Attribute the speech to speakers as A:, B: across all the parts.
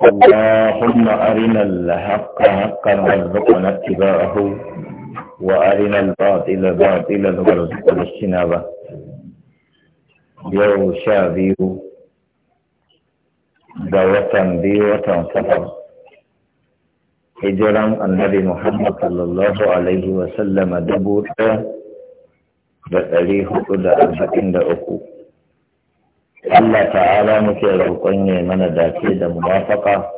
A: اللهم أرنا الحق حقا وارزقنا اتباعه وأرنا الباطل باطلا وارزقنا اجتنابه يو شابيو دوة بيوة سفر هجرا النبي محمد صلى الله عليه وسلم دبوتا da كل hudu da Allah ta'ala muke roƙon ya mana dace da muwafaka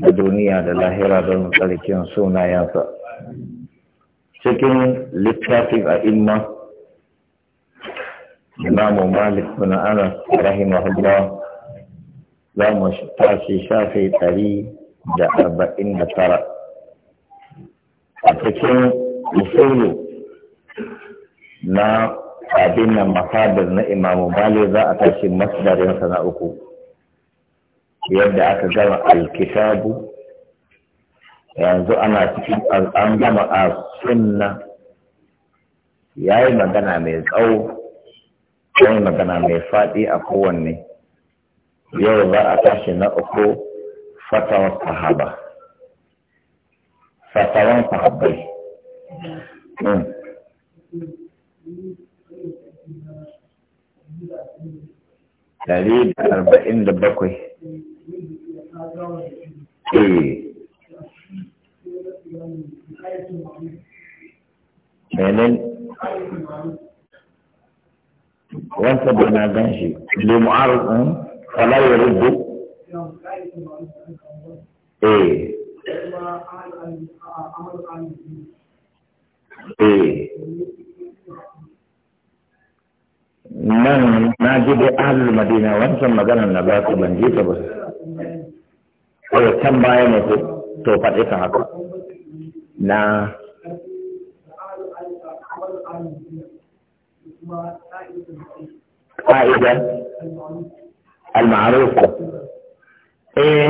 A: da duniya da lahira don tsarkin sunayensa. Cikin littafin a imma, Imamu Malik bin Anas rahimahullah za mu tashi shafe ɗari da arba'in da tara. A cikin usulu na abin nan masadar na imamu bale za a tashi masdarin uku yadda aka gama alkitabu yanzu ana cikin an gama a sunna ya yi magana mai tsawo ya magana mai faɗi a kowanne yau za a tashi na uku fatawar sahaba fatawan sahabbai hmm. ɗari da arba'in da bakwai eh menen wanta da na gan shi limu'ar ɗin falayar rubu eh eh nan na ji dai ahlul madina wancan maganar na ba ku ban ji ta ba kawai can baya ne ko to faɗi ka haka na
B: ƙa'ida al-ma'rufa
A: eh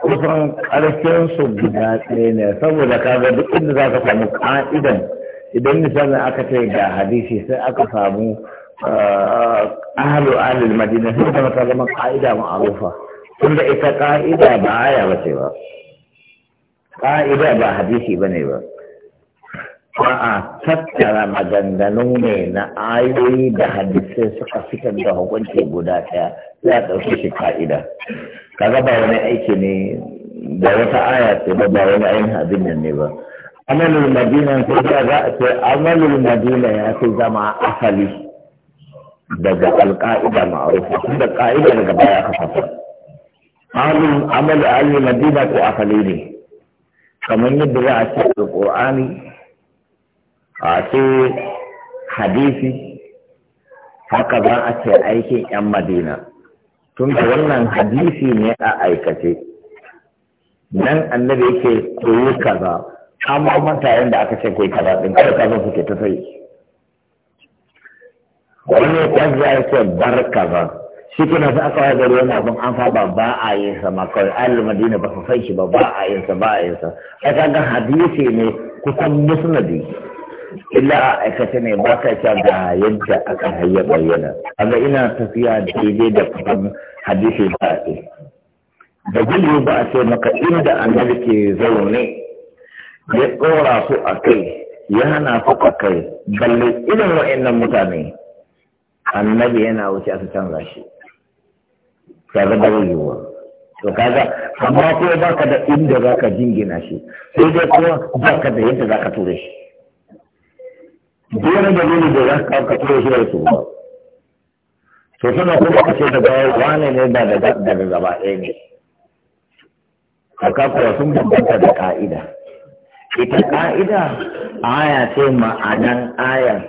A: kusan ƙarshen su guda ɗaya ne saboda kaga duk inda za ka samu ƙa'idan idan misalin aka ce da hadisi sai aka samu ahalu madina sun zama ta zama ka'ida ma'arufa tun da ita ka'ida ba aya ba ce ba ka'ida ba hadisi ba ne ba a tattara maganganu ne na ayoyi da hadisai suka fitar da hukunci guda ɗaya za a ɗauki shi ka'ida kaga ba wani aiki ne da wata aya ce ba ba wani ainihin abin nan ne ba amalul madina ko da za a ce amalul madina ya fi zama asali daga alƙa'ida ma'arufa tunda ƙa'ida daga baya ka fasa amalul amal ahli madina ko asali ne kamar yadda za a ce alƙur'ani a ce hadisi haka za a ce aikin 'yan madina tun da wannan hadisi ne a aikace nan annabi yake koyi kaza amma manta yadda aka ce kai kaza din kada kaza suke ta sai wani kwanza ya ce bar kaza shi kuna sa aka wajen ruwan abin an ba a yin sa ma kawai al madina ba su san shi ba ba a yin sa ba a yin sa ai kaga hadisi ne kusan musnadi illa a aikace ne ba ka ce ga yadda aka hayya bayyana amma ina tafiya daidai da kusan hadisi ba a ce da gudu ba a ce maka inda annabi ke zaune ya tsora su a kai ya hana su a kai balle irin wa'annan mutane annabi yana wuce su canza shi kaga da yiwuwa to kaga amma ko baka da inda zaka jingina shi sai dai kuma baka da yadda zaka tura shi dole da dole da zaka ka tura shi da su ba to suna kuma kace da ba wane ne da daga gaba ɗaya ne haka kuwa sun bambanta da ka'ida ita ka'ida aya ce ma'anan ayan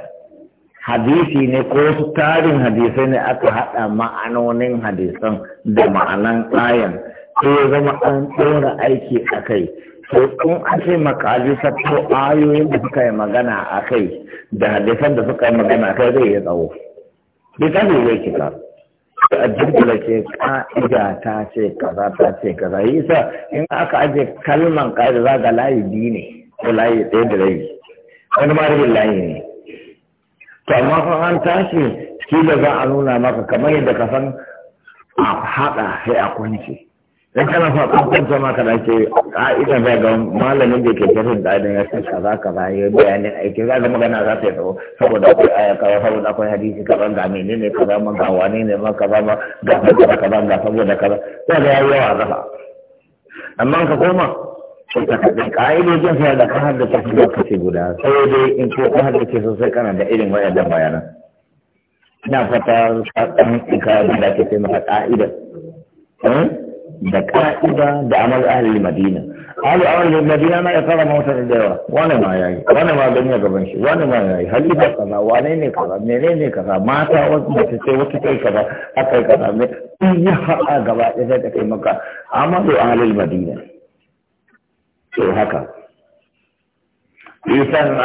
A: hadisi ne ko wasu tarin hadisai ne aka haɗa ma'anonin hadisan da ma'anan ayan ko ya zama an tsora aiki a kai to in an ce makali satto ayoyin da suka yi magana a kai da hadisan da suka yi magana a kai zai yi tsawo bai ne zai kika a jirgin ce ka'ida ta ce kaza ta ce kaza yi sa in aka ajiye kalman ka'ida za ga layi biyu ne ko layi ɗaya da rabi wani ma rabin layi ne to amma fa an tashi kila za a nuna maka kamar yadda ka san a haɗa sai a kwance dan kana fa an kwance maka da ke ka'ida da ga malamin da ke tafin da ya san kaza kaza ya bayanin aiki za ga magana za ta yi tsawo saboda akwai aya kaza saboda akwai hadisi kaza ga menene kaza ma ga wane ne ma kaza ma ga kaza kaza ga saboda kaza za ga yayi yawa zafa amma ka koma sai ka kaɗin ƙa'idojin sai da ka haddace su da kashe guda sai dai in ko ka haddace su sai kana da irin da. bayanan ina fata ɗan ka da ake sai maka ƙa'ida hmm? da ƙa'ida da amal ahalil madina ahalil ahalil madina na ya fara mota da yawa wani ma ya yi wani ma don ya gaban shi wani ma ya yi halifa kaza wane ne kaza mene ne kaza mata wasu mace ce wasu kai kaza aka yi kaza mai in yi haɗa gaba ɗaya sai kai maka amalu ahalil madina to haka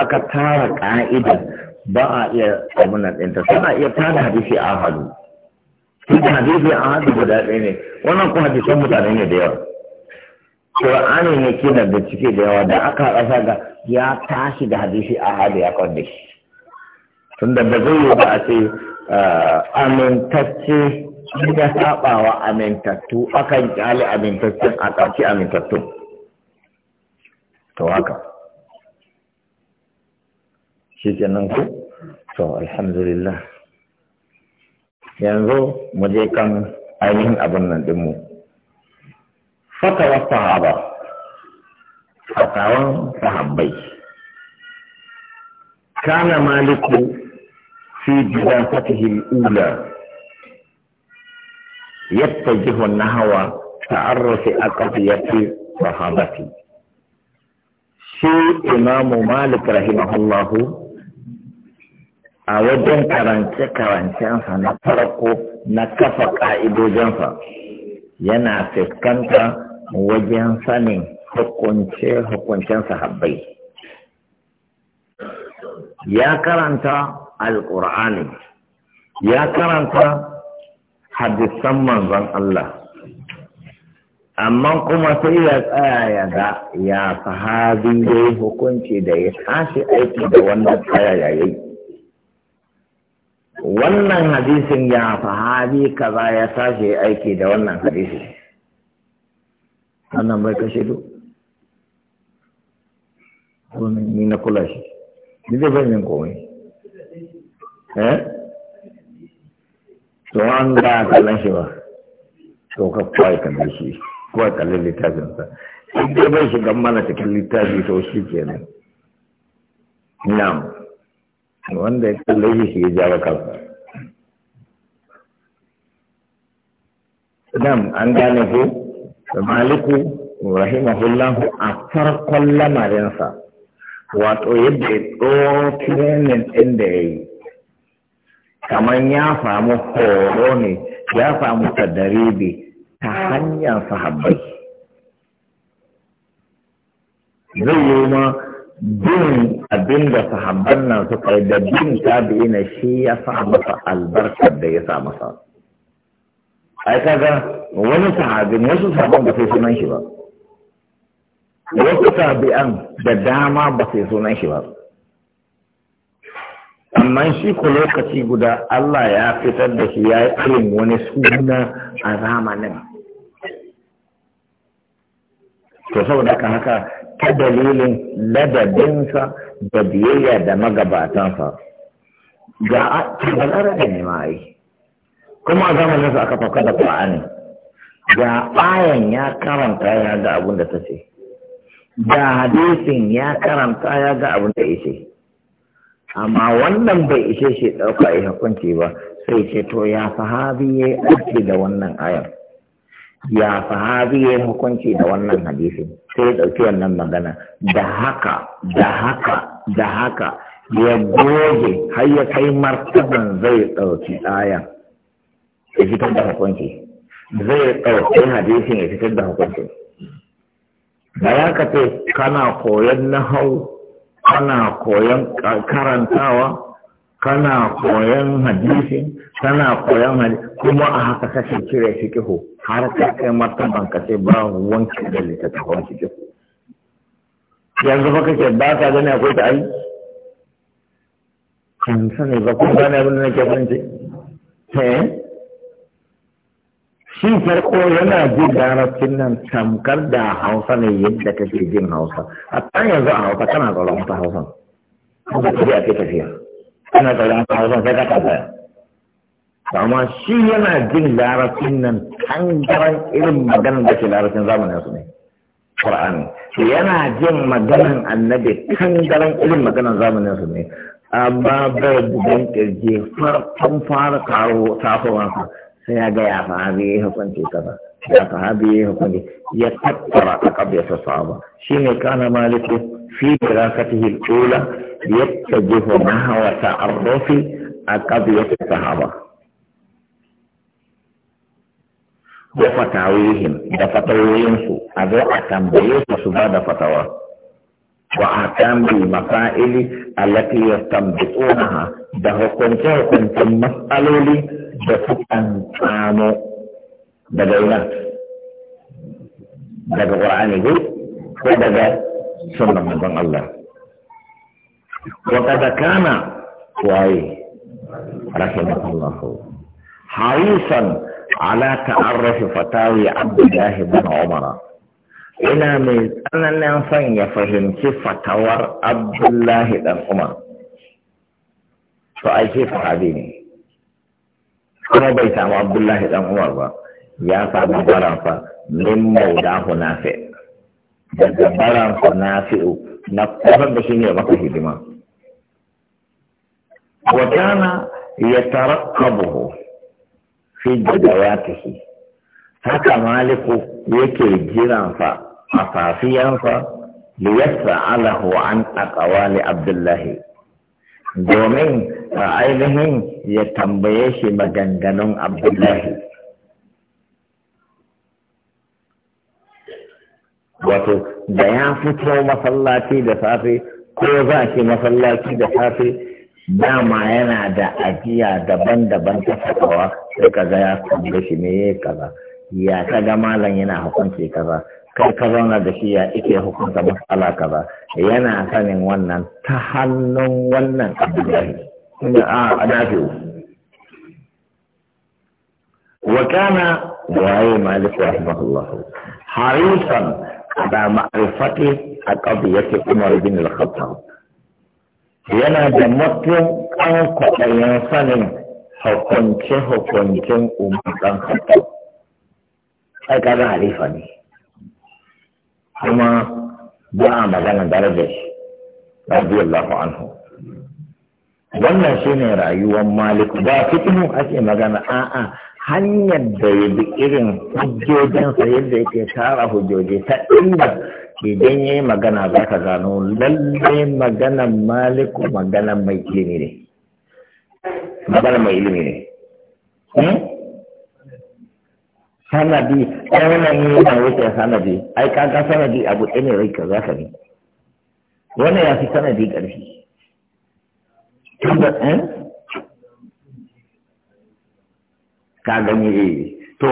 A: aka tara ka'idar ba a iya abunan ɗinta suna iya tara hadisi a hadu hadisi a hadu guda ɗaya ne wannan kuma hadisan mutane ne da yawa Qur'ani ne ke da bincike da yawa da aka rasa ga ya tashi da hadisi a hadu ya kwande. shi da ba zai yi ba a ce ah, amintacce da saɓawa amintattu akan ƙyale amintaccen a ƙarshe amintattun to haka shi kenan ku to alhamdulillah yanzu mu je kan ainihin abin nan dinmu fatawa sahaba fatawan sahabbai kana maliku fi dirasatihi al-ula يتجه نحو a أقضية sahabati shi imamu malik rahimahullahu a wajen karance-karancensa na farko na kafa ƙa'idojinsa yana fuskanta wajen sanin hukunce-hukuncen sahabbai ya karanta alƙur'ani ya karanta hadisan manzon Allah amma kuma sai ya tsaya ya ga ya da ya hukunci da ya tashi aiki da wannan tsaya ya yi wannan hadisin ya sahabi kaza ya tashi aiki da wannan hadisin annan bai kashe duk domin ni na kula shi ni zai bai min komai eh to an ga kallon shi ba to ka kwai kan shi ko a littafinsa in dai bai shiga mana cikin littafi to shi kenan na'am wanda ya kalle shi shi ya jawo kansa na'am an gane ko maliku rahimahullahu a farkon lamarinsa wato yadda ya tsoro training ɗin da ya yi kamar ya samu horo ne ya samu bi. ta hanyar sahabbai zai yi ma bin abin da sahabban nan suka yi da bin tabi'i na shi ya sa masa albarkar da ya sa masa ai kaga wani sahabin wasu sahabban ba sai sunan shi ba wasu tabi'an da dama ba sai sunan shi ba amma shi ku lokaci guda Allah ya fitar da shi ya yi irin wani suna a zamanin to saboda kan haka ta dalilin ladabinsa da biyayya da magabatansa ga tabalara da nema yi kuma a zamaninsa aka fauka da ƙwa'ani ga ayan ya karanta ya ga abin da ta ce Ga hadisin ya karanta ya ga abin da ya ce amma wannan bai ishe shi ɗauka ya hukunci ba sai ce to ya sahabi ya yi da wannan ayan ya sahabi ya hukunci da wannan hadisin sai ya ɗauki wannan magana da haka da haka da haka ya goge har ya kai martaban zai ɗauki ɗayan ya fitar da hukunci zai ɗauki hadisin ya fitar da hukunci
B: da ya kace kana
A: koyon nahau kana koyon karantawa kana koyon hadisi kana koyon hadisi kuma a haka kake shi fikihu har ka kai martaban ka ce ba wanki da littattafan fikihu yanzu fa kake ba ka gani akwai ta ai kan sani ba kun gane abin da nake fahimci eh shi farko yana jin larabcin nan tamkar da hausa ne yadda kake jin hausa a yanzu a hausa kana tsoron ta hausa hausa ce a ke tafiya ana tsaron hausa sai ka kasa amma shi yana jin larabcin nan tangaran irin maganar da ke larabcin zamanin su ne shi yana jin maganar annabi tangaran irin maganar zamanin su ne amma bai bugan kirje farkon fara karo tasowansa sai ya ga ya sahabi ya hukunce kasa ya sahabi ya hukunce ya tattara a kabiyarsa sahaba ne kana malikin fi kira al-ula يتجه نحو تعرف قضية الصحابة وفتاويهم دفتويهم أذو أتنبيه سوء دفتوى وأحكام المسائل التي يستنبطونها ده كنت كنت مسألة لي ده كنت بدأنا ده القرآن يقول وبدأ سنة من الله وقد كان واي رحمه الله حريصا على تعرف فتاوي عبد الله بن عمر ina mai tsananin son ya fahimci fatawar abdullahi dan umar to ai ce ne kuma bai samu abdullahi dan umar ba ya samu baransa min maudahu nafi daga baransa nafi'u na kusan da shi ne maka hidima وكان يترقبه في جدواته haka maliku yake jiransa a safiyansa da yasa alahu an akawali abdullahi domin a ainihin ya tambaye shi maganganun abdullahi wato da ya fito masallaci da safe ko za ki masallaci da safe dama yana da ajiya daban-daban ta fatawa sai ka ga ya tambaye shi ne kaza ya ka ga malam yana hukunci kaza kai ka zauna da shi ya ike hukunta matsala kaza yana sanin wannan ta hannun wannan abdullahi inda a adafi wa kana waye malik rahimahullah harisan da ma'rifati a qadiyati umar bin al-khattab yana da matuƙan kwakwayen sanin hukunce-hukuncen umar ɗan haɗa. Sai kaga halifa ne, kuma ba a magana darajar shi, radiyallahu anhu. Wannan shi ne rayuwar Maliku, ba fitinu ake magana a'a hanyar da ya bi irin hujjojinsa yadda yake tara hujjoji ta inda idan ya yi magana za ka gano lalle maganan maliku maganan mai ilimi ne maganan mai ilimi ne hmm? sanadi ɗan wannan yana wuce sanadi ai kaga sanadi abu ɗaya ne rai ka za ka ne wannan ya fi sanadi ƙarfi hmm? ka gani eh to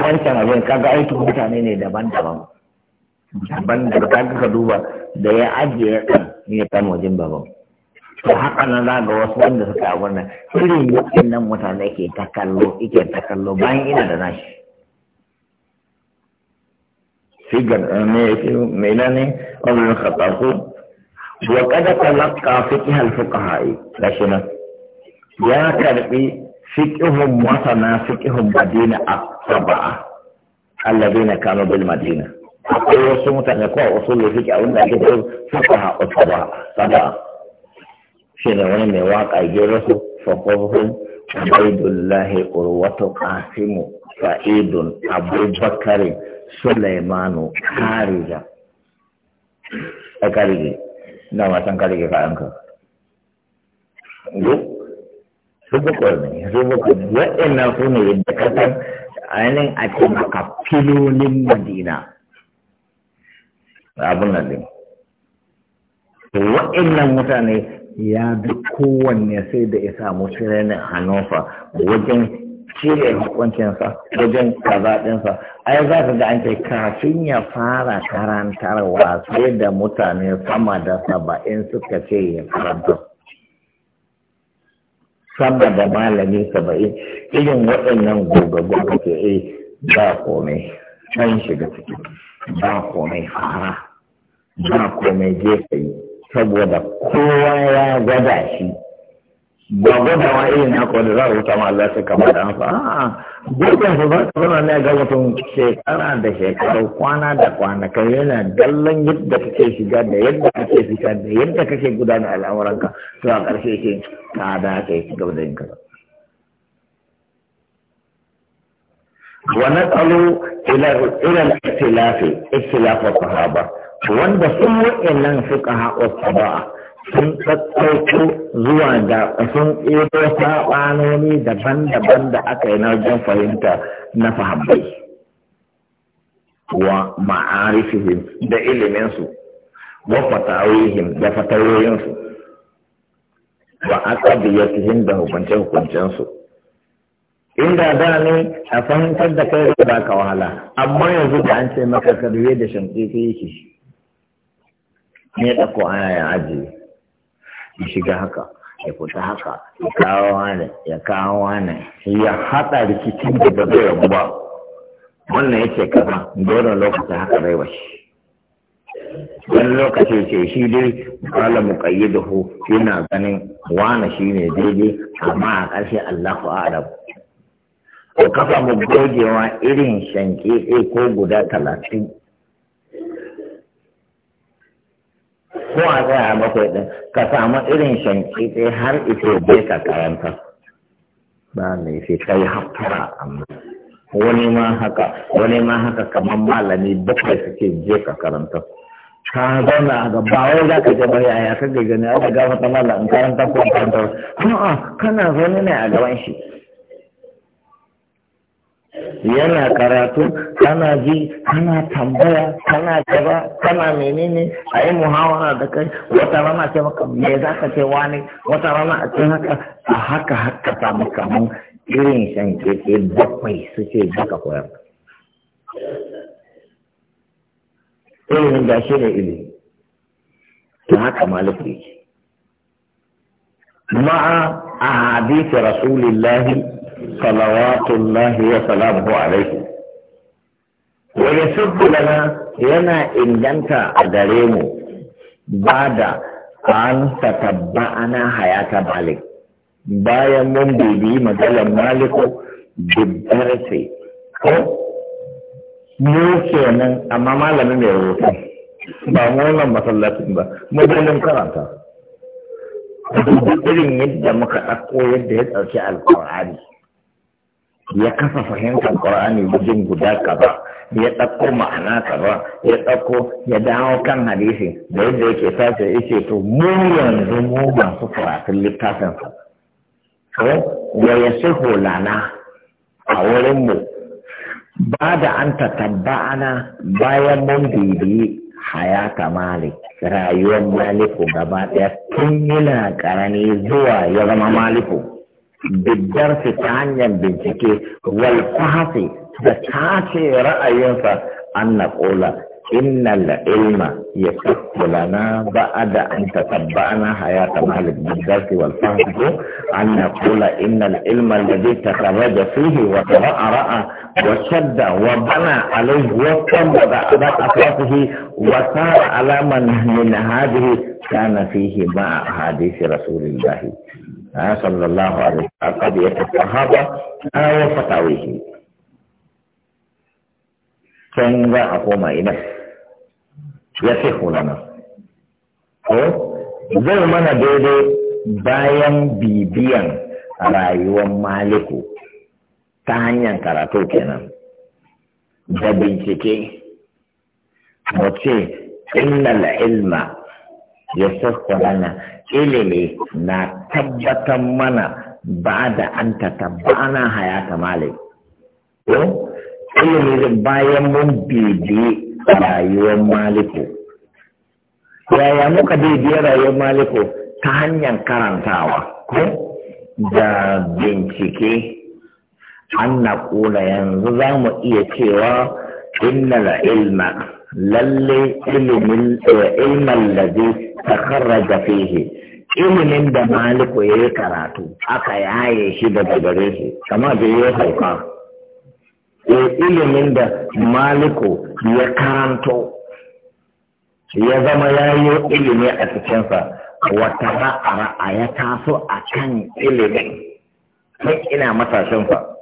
A: wancan abin kaga aikin mutane ne daban-daban ban da ka ka duba da ya ajiye kan ya kan wajen baban to haka nan za ga wasu wanda suka abu wannan. irin yakin nan mutane ke ta kallo ike ta kallo bayan ina da nashi sigar eh, ne yake mai na ne wannan khataku wa kada talaqqa fiqh al-fuqaha gashi nan ya karbi fiqhun masana fiqhun madina as-sab'a alladhina kanu bil madina akwai wasu mutane ko a usulul fiqh a wanda ake da fuqaha ba sada shi ne wani mai waka gero su fakohun abaidullahi urwatu qasimu sa'idun abubakari sulaimanu karija a karige na matan karige ka anka duk su bukwar ne su bukwar ne waɗannan su ne yadda kasan ainihin a cikin maka filolin madina abin nan din to wa'annan mutane ya bi kowanne sai da ya samu tirenin hannunsa wajen cire hukuncinsa wajen kazaɗinsa ai za ka ga an ce kafin ya fara karantarwa sai da mutane sama da saba'in suka ce ya karanta sama da malami saba'in irin waɗannan gobe-gobe ke yi ba komai can shiga ciki ba komai fara ba komai je ka saboda kowa ya gwada shi ba wa irin haka wanda za a rubuta ma Allah sai kamar da amsa a'a gwada su za ka zama ne ga mutum shekara da shekara kwana da kwana kai yana dallan yadda kake shiga da yadda kake fita da yadda kake gudanar al'amuranka to a ƙarshe ke ka da ka yi gaba da yin kaza ونسأل إلى الاختلاف اختلاف الصحابة wanda sun wa'annan suka haƙo ba, sun ɗaɗɗauko zuwa ga sun ɗebo saɓanoni daban-daban da aka yi na wajen fahimta na fahimtai. wa ma'arifihim da iliminsu wa fatawihim da fatawoyinsu wa aqabiyatihim da hukunce-hukuncensu inda da ne a fahimtar da kai ba baka wahala amma yanzu da an ce maka karbe da shamfi yake ne da ko aya ya ajiye ya shiga haka ya fita haka ya kawo wani ya kawo wani ya haɗa rikicin da ba zai ya ba wannan ya ce kaza dole lokacin haka zai bashi wani lokaci ce shi dai kala hu yana ganin wani shi ne daidai amma a ƙarshe Allahu a'lam ko kafa mu gogewa irin shanke ko guda talatin ko a tsaya bakwai ɗin ka samu irin shanki sai har ito bai ka karanta ba ne sai ka yi haftara amma wani ma haka wani ma haka kamar malami bakwai suke je ka karanta ka zauna a gaba wai za ka gaba yaya ka gaggani aka gafa ta malam in karanta ko karanta a'a kana zaune ne a gaban shi yana karatu kana ji kana tambaya kana gaba kana menene a yi muhawara da kai wata rana ce maka me za ka ce wani wata rana a ce haka a haka haka maka mun irin shan keke bakwai suke baka koyar ilimin da shi ne ilimi ta haka maliki ma'a a hadisi rasulillahi صلوات الله وسلامه عليه ويسب لنا yana inganta a gare mu ba da an tatabba ana hayata malik bayan mun bibi maganar maliku bibbarse ko ba wannan masallacin ba mabalin karanta duk irin yadda muka ɗauko yadda ya ɗauki alƙur'ani ya kafa fahimtar ƙur'ani wajen guda kaza ya ɗauko ma'ana kaza ya ɗauko ya dawo kan hadisi da yadda yake sace ce to mu yanzu mu masu karatun littafin sa to ya yasihu lana a wurin mu ba da an ana bayan mun bibiyi hayata malik rayuwar maliku gaba ɗaya tun yana ƙarani zuwa ya zama maliku بالدرس تعنيا بنتكي والفحصي تتعشي رأيك أن نقول إن العلم يكف لنا بعد أن تتبعنا حياة مالك بالدرس والفهم أن نقول إن العلم الذي تخرج فيه وترأرأ وشد وبنى عليه وطبق على أطرافه وسار على من من هذه كان فيه مع حديث رسول الله صلى ah, ah, a عليه وسلم قد يتفهب أو فتاويه كان أقوم ya Ko zai mana bayan bibiyan rayuwar maliku ta hanyar karatu kenan da bincike mace inna la'ilma ya fassara lana ilimi na tabbatar mana ba da an ta tabbana hayata malik bayan mun bibi rayuwar maliku yaya muka bibi rayuwar maliku ta hanyar karantawa ko da bincike an na kula yanzu za mu iya cewa la ilma lalle ilimin eh, ilmin takarraja fihi ilimin da maliku ya yi karatu aka yaye shi daga gare shi kama da ya sauka e, ilimin da maliku ya karanto ya zama ya yi ilimi a cikinsa wata ra'ara a ya taso a kan ilimin sai ina matashinsa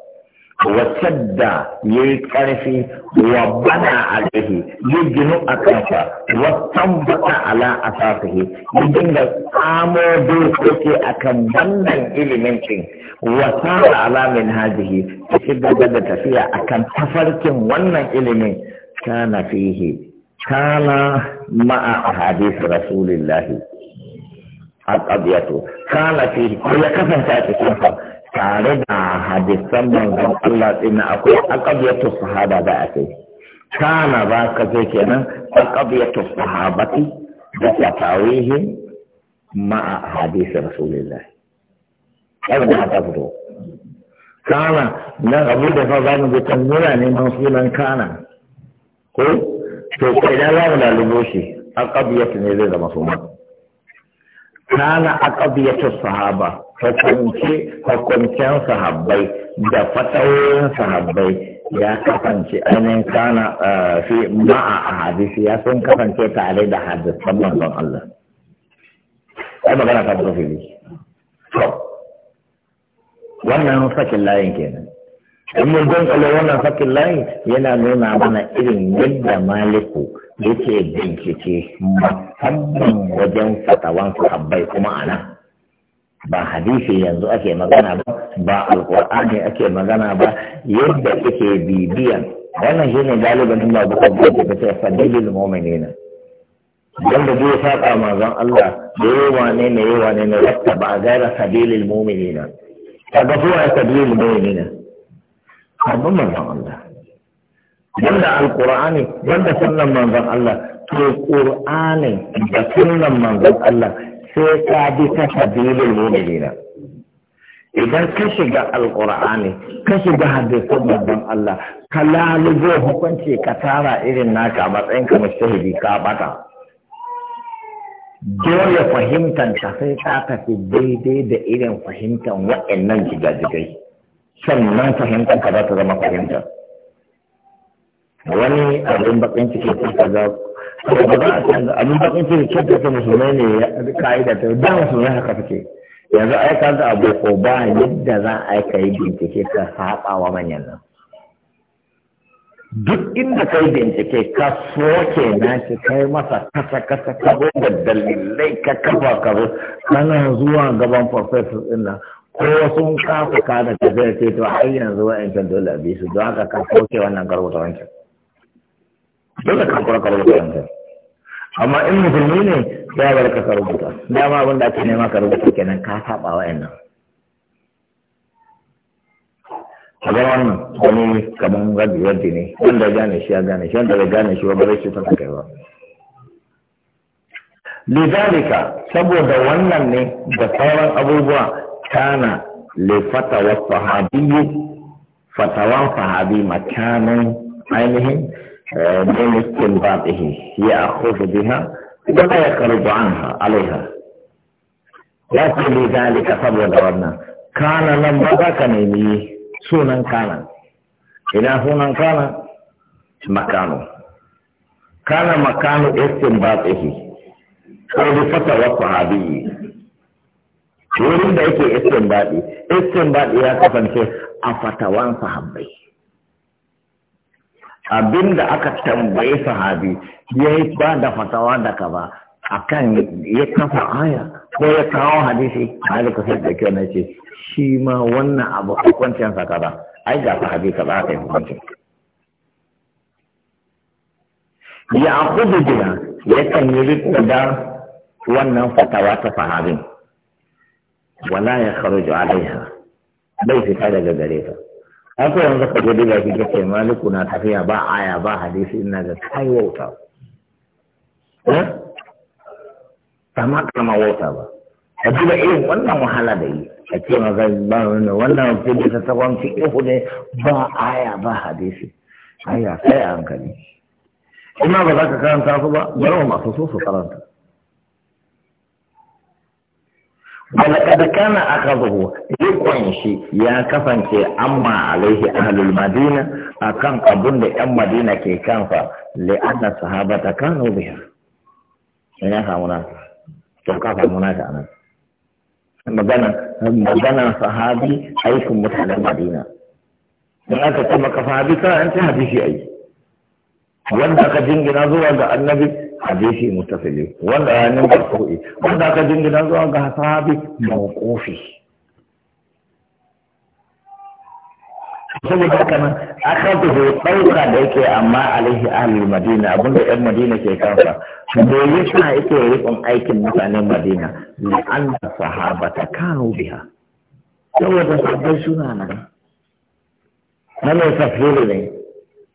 A: wasadda ya yi ƙarfi wa bana alaihi ya ginu a kansa wa tambata ala a safihi ya dinga samo dokoki a kan wannan ilimin cin wa sara ala min hajihi ta ci tafiya a kan tafarkin wannan ilimin kana fihi kana ma'a hadis rasulillahi a ƙabiyatu kana fihi ko ya kasance a cikinsa tare da hadisan manzon Allah ɗin akwai aqabiyatu sahaba da ake kana ba ka ce kenan aqabiyatu sahabati da ta tawihi ma hadisi rasulullahi kai da ta fito kana na abu da fa ba mu ta mura ne man sunan kana ko to kai da za mu da luboshi aqabiyatu ne zai zama ma kana aqabiyatu sahaba hukuncen sahabbai da fatawoyin sahabbai ya kasance ainihin kana fi ma'a a hadisi ya sun kasance tare da hadisan don Allah. Ai magana ta buga fili. To, wannan sakin layin kenan. In mun dunkule wannan sakin layin yana nuna mana irin yadda maliku yake bincike musamman wajen fatawan sahabbai kuma a nan. ba hadisi yanzu ake magana ba ba alkur'ani ake magana ba yadda ake bibiyan wannan shine galiban Allah ba kuma da ta fadilil na. wanda zai saka manzon Allah da yayi wane ne yayi wane ne wata ba gaira sabilil mu'minina kaga ko ai sabilil mu'minina amma manzon Allah wanda alqur'ani wanda sunnan manzon Allah to qur'ani da sunnan manzon Allah sai ka bi ta sabilin mu'minina idan ka shiga alqur'ani ka shiga hadisin babban Allah ka lalubo hukunci ka tara irin naka matsayin ka mushahidi ka bata dole fahimtan ta sai ka tafi daidai da irin fahimtan wa'annan jigajigai sannan fahimtan ka za ta zama fahimta wani abin bakin ciki ka ga ba a canza abin bakin ciki ta musulmai ne ya ka'ida ta da musulmai haka suke yanzu ai ka ga abu ba yadda za a ka yi bincike ka saba manyan nan duk inda kai bincike ka soke na shi kai masa kasa kasa ka zo da dalilai ka kafa ka zo kana zuwa gaban professor din nan ko sun kafa ka da tafiya ce to har yanzu wa'ancan dole a bi su don haka ka soke wannan karbuta wancan dole ka hakura ka rubuta yanzu amma in musulmi ne ya bar ka ka rubuta dama abin da ake nema ka rubuta kenan ka saba wa yannan a ga wannan wani kaman rabi wadda ne wanda ya gane shi ya gane shi wanda ya gane shi ba zai cutar da kai ba lidalika saboda wannan ne da sauran abubuwa kana lefata wasu sahabi fatawan sahabi makanin ainihin من استنباطه يأخذ بها ولا يخرج عنها عليها لكن لذلك فضل ربنا كان لم بذاك نيمي سونا كان إلى سونا كان مكانه كان مكان استنباطه قد فتوى الصحابي wurin da yake istinbadi istinbadi ya kasance a fatawan sahabbai Abin da aka tambaye sahabi ya yi ba da fatawa da kaba kan ya kafa aya ko ya kawo hadisi yi kusa da kyau na ce shi ma wannan abu hukuncin sa kaza ai ga sahabi ba aka yi hukuncin ya akudu jira ya kan yi rikta da wannan fatawa ta sahabin wala ya kharuju alaiha bai fita daga gare ta ai ko yanzu ka je daga kika ce maliku na tafiya ba aya ba hadisi ina da kai wauta eh? ba ma kama wauta ba a duba irin wannan wahala da yi a ce zai ba wannan wannan fili ta sabon ihu ne ba aya ba hadisi aya sai a hankali Ina ba za ka karanta su ba bari masu so su karanta فلقد كان أخذه يكون شيء يا كفن شيء أما عليه أهل المدينة أكان 'yan أم ke كي كان لأن الصحابة كانوا بها هنا هنا تكافى anan? magana magana sahabi aikin mutanen madina da aka ce maka sahabi kawai an ci hadisi ai wanda aka jingina zuwa ga annabi hadisi mutasili wanda ya nan farko wanda aka jingina zuwa ga sahabi mawqufi saboda haka nan aka zo ɗauka da yake amma alaihi ahlul madina abinda yan madina ke kansa da yasa yake rikon aikin mutanen madina la'an da sahabata kanu biya. saboda sabbin suna nan na mai tafsiri ne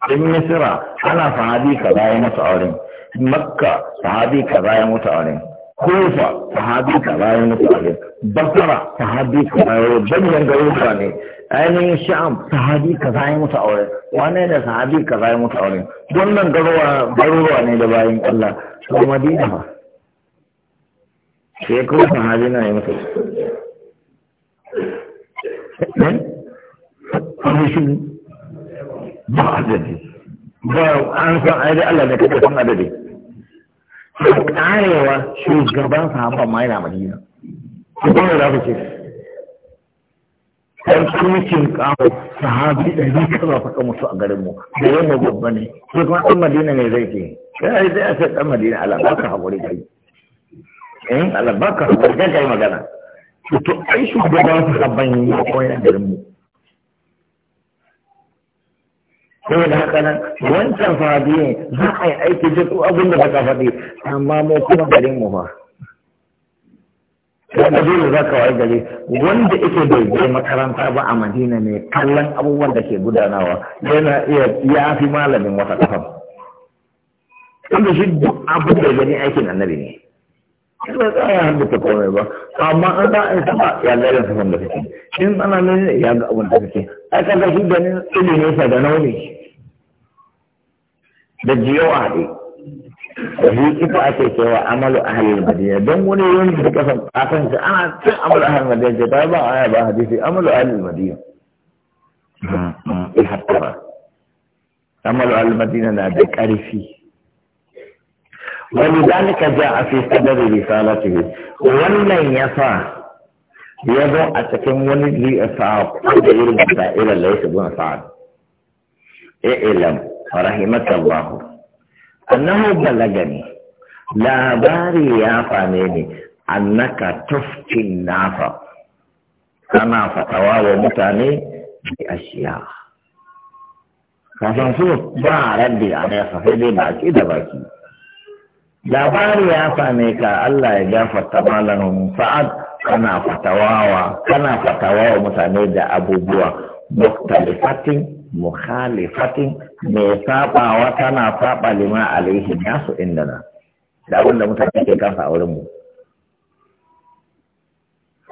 A: in misira ana sahabi ka bayan masu auren makka sahabi kaza ya mutu a wurin kufa sahabi kaza ya mutu a wurin basara sahabi kaza ya mutu banyan garuruka ne ainihin sha'am sahabi kaza ya mutu a wurin wane ne sahabi kaza ya mutu a wurin wannan garuruwa ne da bayan allah to madina ba sai kuma sahabi na ya mutu ba adadi ba an san adadi allah ne kada san adadi karewa shugaban sahabban ma yana madina kuma da za ku ce sai kirkin kawo sahabi ɗari kaza faɗa musu a garinmu da yamma babba ne ko kuma ɗan madina ne zai ce kai sai a ce ɗan madina alabaka haƙuri kai in eh, alabaka haƙuri kai magana to ai shugaban sahabban ya koyar da garinmu
B: saboda haka nan wancan
A: ne za a yi aiki da abin da baka faɗi amma mu kuma garin mu ba wanda dole za ka wayi gari wanda yake bai je makaranta ba a madina ne kallon abubuwan da ke gudanawa yana iya ya fi malamin wata kafan tunda shi duk abin da gani aikin annabi ne
B: a yi hannu ta
A: komai ba amma an za a yi sama ya ga irin safan da kake in ana nan ya ga abin da kake ai ka ga shi ganin ne sa da nauni da jiyo a haɗe da shi ita ake cewa amalu a madina don wani wani da kasan kasan ka ana ah, cin amalu a halin madina ce ta ba aya ba hadisi amalu a madina hmm, hmm, ya amalu a madina na da ƙarfi wani zalika ja a fi sadari risalatu ne wannan ya sa ya zo a cikin wani liya sa'a ko da yi rinka ta ila laifin zuwa sa'a a ilam a rahimata allahu annahu balaga ne labari ya fane ne annaka tufkin nafa kana fatawa wa mutane da ashiya kafin su ba a rabbi a ne a safe ba a ƙi da baki labari ya same ka Allah ya gafarta malamin fa'ad kana fatawawa kana fatawawa mutane da abubuwa muktalifatin mukhalifatin mai sabawa tana saba lima alaihi nasu indana da abinda mutane ke kansa a wurin mu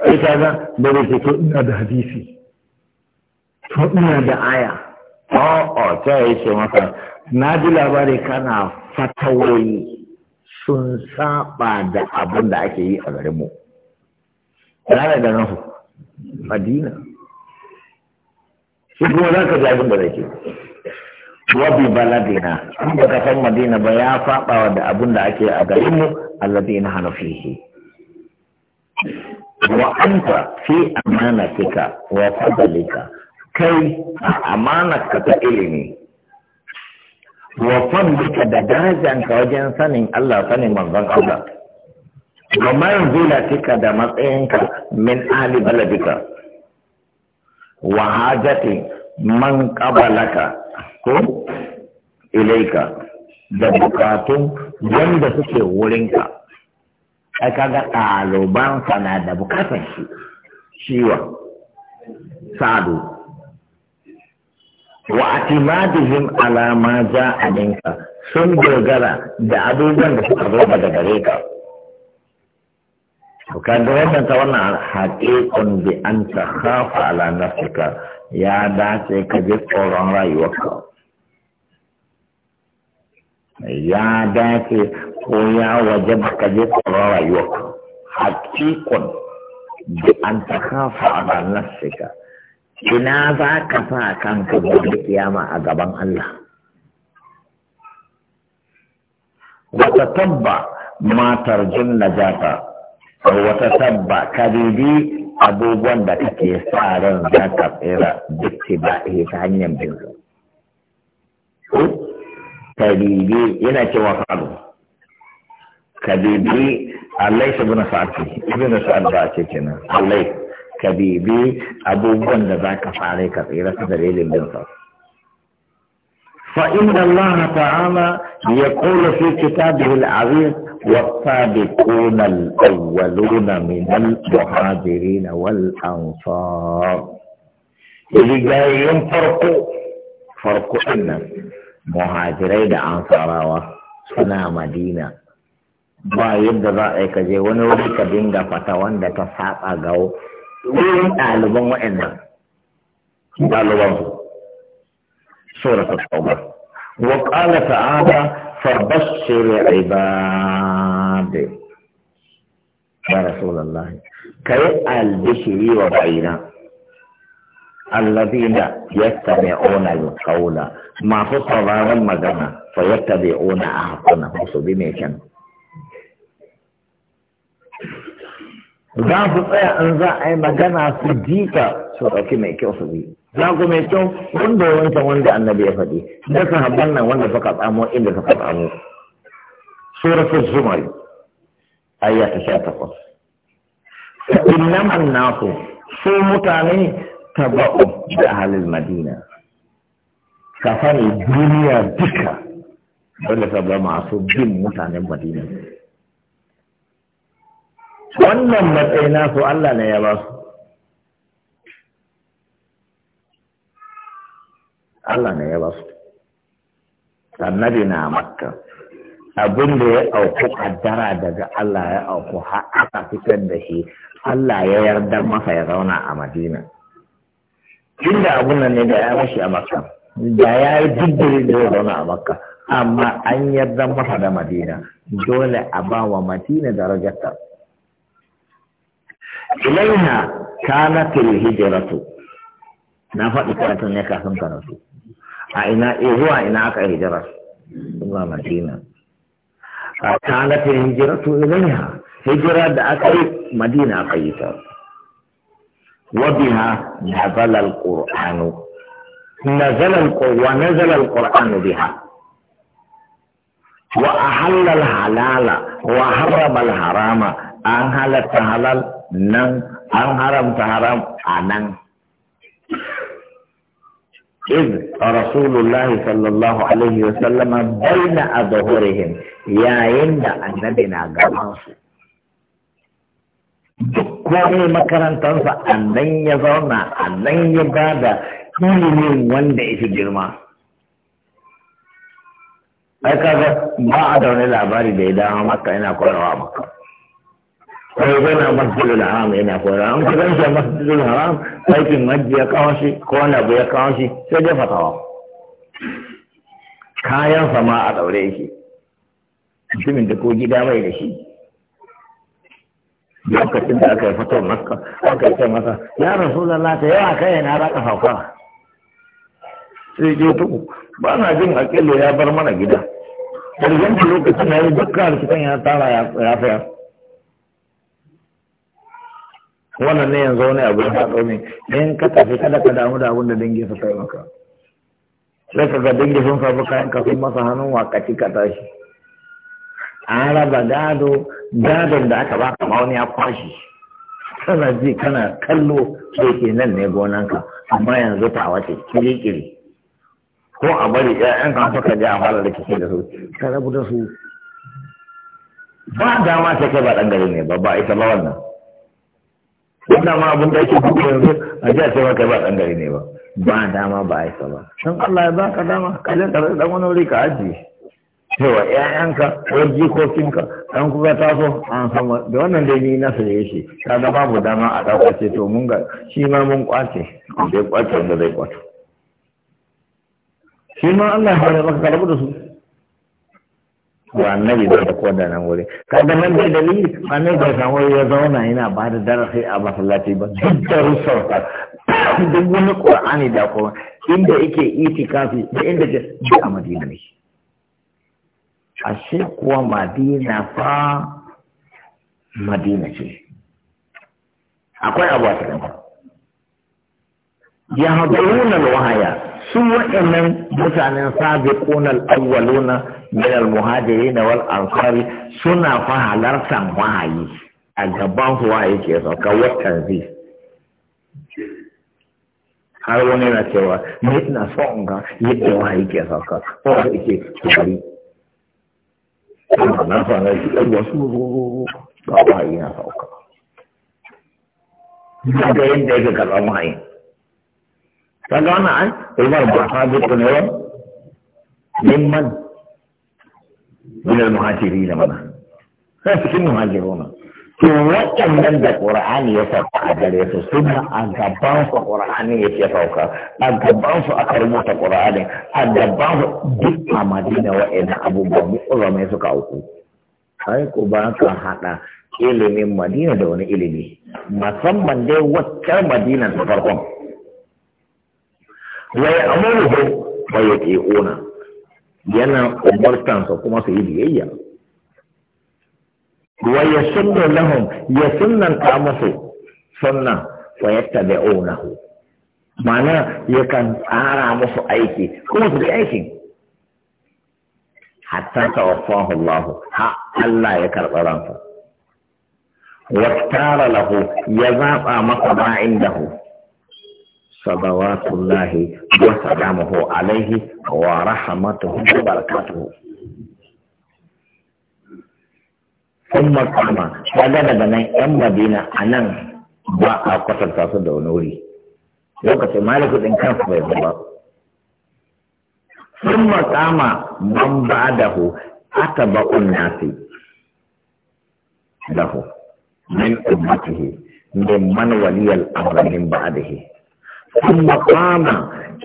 A: sai ka ga da ke ko ina da hadisi ko ina da aya o oh, o oh, sai yi ce masa na ji labari kana fatawoyi sun saba da abin da ake yi a garinmu. Rana da nahu, Madina. Shi kuma za ka ji abin da zai Wabi baladina, in ba ka san Madina ba ya faɓawa da abin da ake a garinmu, alladina hana fihi. Wa anta fi amanatika wa fadalika kai a ka ta ilimi wa fadlika da darajan ka wajen sanin Allah sanin manzon Allah wa tika da ka min ali baladika wa hajati man qabalaka ko ilaika da bukatun wanda suke wurinka ai kaga ɗalibansa na da bukatan shi shiwa sadu wa atimadihim ala ma ja'a minka sun dogara da abubuwan da suka zo daga gare ka to da wannan ta wannan haqiqun bi an takhafa ala nafsika ya dace ka ji tsoron rayuwarka ya dace ko ya waje ka ji tsoron rayuwarka haqiqun bi an takhafa ala nafsika ina za ka sa kanka gobe kiyama a gaban Allah wata tabba matar jin najata wata tabba kadidi abubuwan da kake sa ran za ka tsira duk ba ta hanyar bin ka Kadidi yana cewa faru ka bibi guna ibn ibi ibn Sa'ad ba ce kenan Allah ka bibi abubuwan da za ka fara ka tsira ta dalilin bin sa فإن الله تعالى يقول في كتابه العزيز والسابقون الأولون من المهاجرين والأنصار إذ جايين فرقوا فرقوا إن مهاجرين أنصار سنا مدينة ba yadda za a yi kaje wani wuri ka dinga fata wanda ta saba أهل بوم ألبوم وإنا ألبوم سورة التوبة وقال تعالى فبشر عبادي يا رسول الله كي بشري وبعيرا الذين يتبعون القول ما هو صغار المدنة فيتبعون أحقنا هو za su tsaya an za a yi magana su jika su ɗauki mai kyau su bi za ku mai kyau wanda wancan wanda annabi ya faɗi da sahabban nan wanda suka tsamo inda suka tsamo suratul zumar ayya ta sha takwas fa innaman nasu su mutane taba'u da ahalin madina ka sani duniya duka wanda ta masu bin mutanen madina wannan matsayi su Allah ne ya ba su Allah ne ya ba su annabi na makka abin da ya auku kaddara daga Allah ya auku har aka fitar da shi Allah ya yarda masa ya zauna a Madina inda abun nan ne da ya mashi a makka da ya yi diddiri da ya zauna a makka amma an yarda masa da Madina dole a ba wa Madina darajarta إليها كانت الهجرة نفق كانت نكا هم كانت في أين إيهوا إن أكا هجرة الله مدينة كانت الهجرة إليها هجرة أكي مدينة قيسة وبها نزل القرآن نزل القرآن ونزل القرآن بها وأحل الحلال وحرم الحرام أهل التهلال nan an haramta haram a nan إذ رسول الله صلى الله عليه وسلم بين أظهرهم يا يند أنبنا قمص komai makarantarsa a nan ya zauna a nan ya ba da ilimin wanda ya girma ai kaga ba a da wani labari da ya dama maka yana koyarwa kawai ba na masjidul haram yana kora an kiran shi masjidul haram aikin majji ya kawo shi ko wani abu ya kawo shi sai dai fatawa kayan sama a daure shi mutumin da ko gida mai da shi lokacin da aka yi fito maska aka ce masa ya rasu da lata yawa kai yana raka fafa sai je tuku ba na jin akelo ya bar mana gida ɗarfin lokacin na yi dukkan cikin ya tara ya fayar wannan ne yanzu wani abu ya tsome in ka tafi kada ka damu da abin da dangi su kai maka sai ka ga dangi sun fafi kayan ka sun masa hannun wakaci ka tashi an raba gado gadon da aka baka ma wani ya kwashi kana ji kana kallo sai ke nan ne gonanka amma yanzu ta wace kiri-kiri ko a bari ƴaƴan ka suka je a fara rikici da su ka rabu da su ba dama sai kai ba ɗan gari ne ba ba ita ba wannan wannan ma abin da ake duka yanzu a jiya ce maka ba ɗan gari ne ba ba dama ba a isa ba don Allah ya ba ka dama ka je ka ɗan wani wuri ka ajiye cewa ƴaƴanka ko jikokinka ɗan kuka taso an sama da wannan dai ni na saye shi kaga babu dama a ɗaukace ce to mun ga shi ma mun kwace zai kwace wanda zai kwato shi Allah ya fara ka karbu da su wa annabi ko da koda nan wuri kaga nan dai dalili annabi bai san ya zauna yana ba da darasi a masallaci ba duk da rusar ka duk wani qur'ani da ko inda yake itikafi da inda ke duk a madina ne shi kuwa madina fa madina ce akwai abu a cikin ya hadaruna wahaya su waɗannan mutanen sabiquna al-awwaluna min al-muhajirin wal ansari suna fa halartan wahayi a gaban wahayi ke sauka watan zai har wani na cewa ni ina so in ga yadda wahayi ke sauka ko da yake tsari na fara shi ɗan wasu ga wahayi na sauka ga yadda ga karɓar wahayi kaga wannan ai umar ba sabiq ne ba mimman min al-muhajirin mana sai cikin muhajiruna to waɗannan da ƙur'ani ya sauka a gare su suna a gaban su ƙur'ani ya ke sauka a gaban su aka rubuta ƙur'ani a gaban su duk a madina wa'annan abubuwan mai suka auku sai ko ba ka haɗa ilimin madina da wani ilimi musamman dai waccan madina ta farkon wa ya ko wa ke ƙe'una yana sa kuma su yi biyayya wa ya sunna lahum ya sunnanta musu sunna wa ya tabi'unahu ma'ana yakan tsara musu aiki kuma su yi aikin hatta tawaffahu Allah ha Allah ya karɓa ransa wa tara lahu ya zaɓa masa ma indahu صلوات الله وسلامه عليه ورحمته وبركاته ثم قام kaga daga nan yan madina a nan ba a kwatanta su da wani wuri lokacin maliku din kansu bai ba sun makama man ba dahu aka ba'un nasi dahu min man ثم قام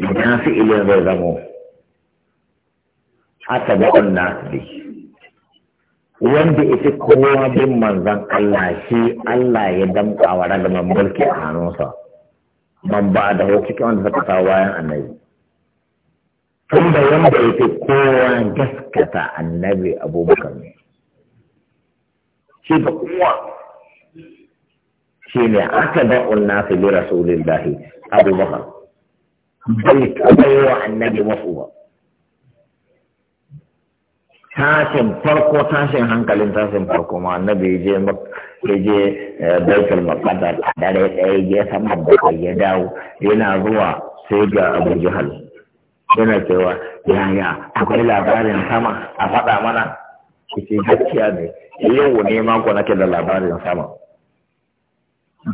A: ina fi'ilin zai zamo haka da nasi wanda ita kowa bin manzan Allah shi Allah ya damƙa wa ragaman mulki a hannunsa ban ba da cikin wanda suka kawo bayan annabi tun da wanda ya fi kowa gaskata annabi abubakar ne
B: shi da kuma.
A: shi ne aka da'un nasu bi rasulillahi abu farko tashin hankalin tashin farko ma ya je ya je eh, baitul ɗaya ya ya dawo yana zuwa sai ga abu jihal yana cewa yaya akwai labarin sama a faɗa mana gaskiya yau labarin sama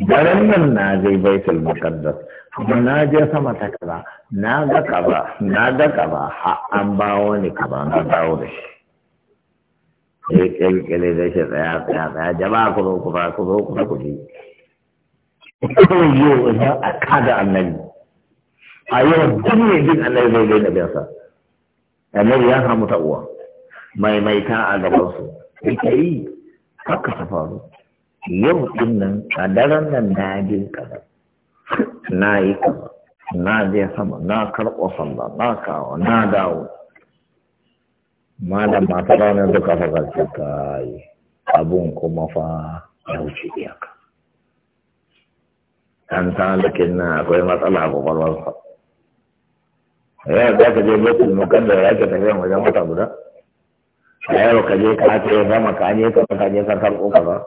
A: daren nan na je baitul muqaddas kuma na je sama ta kaza na ga kaza na ga kaza ha an ba wani kaza na dawo da shi sai kyalkyale da shi tsaya tsaya tsaya jama'a ku zo ku ba ku zo ku ku ji kawai yau ina a kada annabi a yau duk ne jin annabi zai gaida sa annabi ya samu ta uwa maimaita a gabansu ita yi haka ta faru yau din nan a daren nan na je kaza na yi kaza na je sama na karɓo sanda na kawo na dawo malam mata ranar duka fagarci kai abun kuma fa ya wuce iyaka an ta lakin na akwai matsala a sa. ya za ka je betul mukaddar ya ke tafiya wajen wata guda a yau ka je ka ce sama ka je ka ka je ka karɓo kaza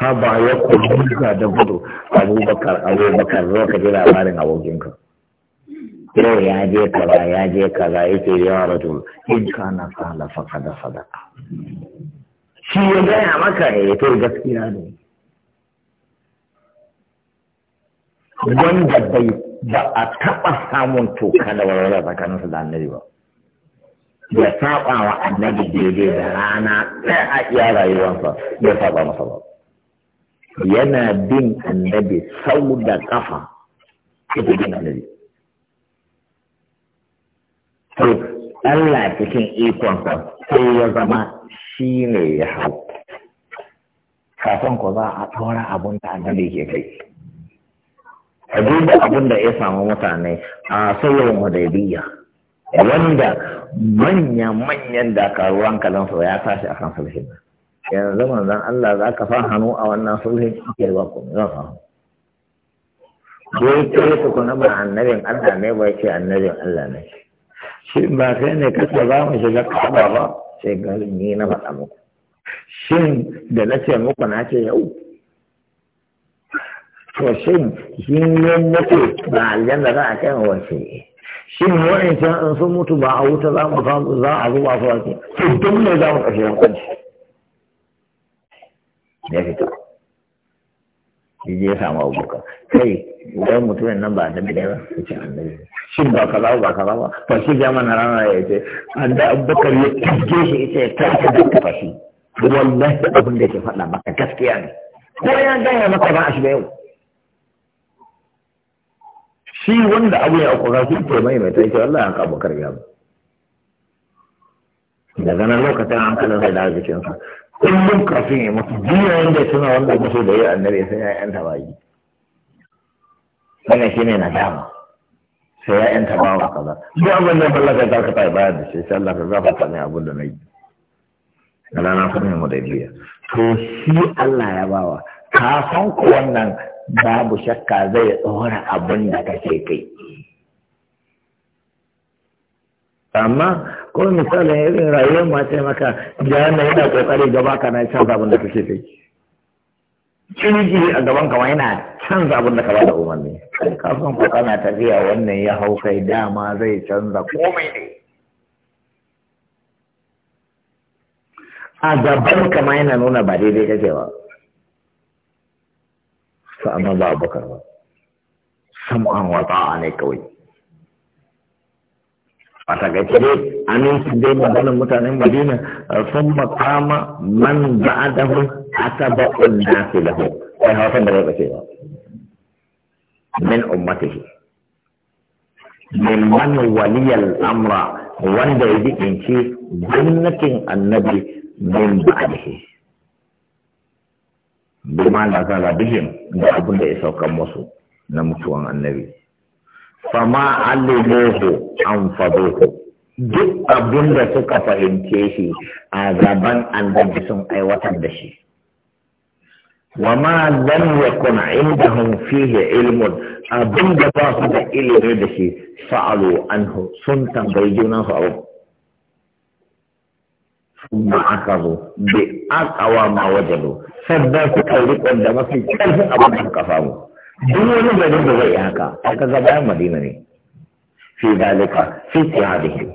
A: haba ya kuma da gudu abubakar abubakar zo ka ji labarin abokinka yau ya je kaza ya je kaza yake yawa rajul in ka na kana faka da sadaka shi ya gaya maka yi eh, to gaskiya ne wanda bai ba a taɓa samun toka da warware su da annabi ba ya saba wa annabi daidai da rana ɗaya a iya rayuwarsa ya saba masa ba yana bin annabi sau da ƙafa ita bin annabi to Allah cikin sa sai ya zama shi ne ya hau kafin ku za a tsora abin da annabi ke kai a abinda ya samu mutane a sauran hudaibiyya wanda manya-manyan dakaruwan kalansu ya tashi a kan sulhin yanzu manzan Allah za ka fara hannu a wannan sulhin ake ba ku zan fa wai kai ku kuna ba annabin Allah ne ba ce annabin Allah ne shi ba kai ne kasa za mu shiga kaba ba sai garin ni na faɗa muku shin da na ce muku na ce yau to shin yin yin mutu ba aljanna za a kai wa wace shin wa'ancan can sun mutu ba a wuta za mu za a zuba su ake to ne za mu kashe yankunci ya fito shi je samu abubakar kai wai mutumin nan ba annabi ne ba su ce annabi ne shin ba kaza ba kaza ba to shi ga mana rana ya ce an da abubakar ya kige shi ita ya kai ka da kafa shi wallahi abin da ke faɗa maka gaskiya ne ko ya gaya maka ba a shiga yau shi wanda abu ya auku za su ce mai mai ta yake wallahi an ka abubakar ya ba daga nan lokacin an kalan sai da arzikinsa kullum kafin ya mutu jiya wanda suna wanda mutu da yi annabi sai ya yan tabayi wannan shine dama sai ya yan tabawa kaza duk abin da Allah ta ka ta bayar da shi sai Allah ka zafa ta ne abin da nayi Allah na kuma mu da biya to shi Allah ya bawa ka san ku wannan babu shakka zai tsora abin da kake kai amma ko misali ya irin rayuwar mace maka da na yana kokari gaba ka na canza abin da kake kai ciniki a gaban kama yana canza abin da ka da umarni kafin ko kana tafiya wannan ya hau kai dama zai canza komai ne a gaban kama yana nuna ba daidai kake ba su amma ba abokar ba sam'an wata'a ne kawai a takaice dai su dai maganin mutanen madina sun makama man ba ba'adahu asaba'un nasi lahu sai hausan da zai ba min ummatihi min man waliyal amra wanda ya jikinci gwamnatin annabi min ba ba'adahi bi ma na zala bihim da abin da ya saukan musu na mutuwan annabi fama alimuhu an faduhu duk abin da suka fahimce shi a gaban annabi sun aiwatar da shi wa ma lam yakun indahum fihi ilmun abin da ba su da ilimi da shi sa'alu anhu sun tambayi junan su abu ma aka zo bi aqawa ma wajadu sannan suka riƙon da mafi ƙarfin abin suka samu duk wani garin da zai haka a kaga bayan madina ne fi dalika fi tihadihim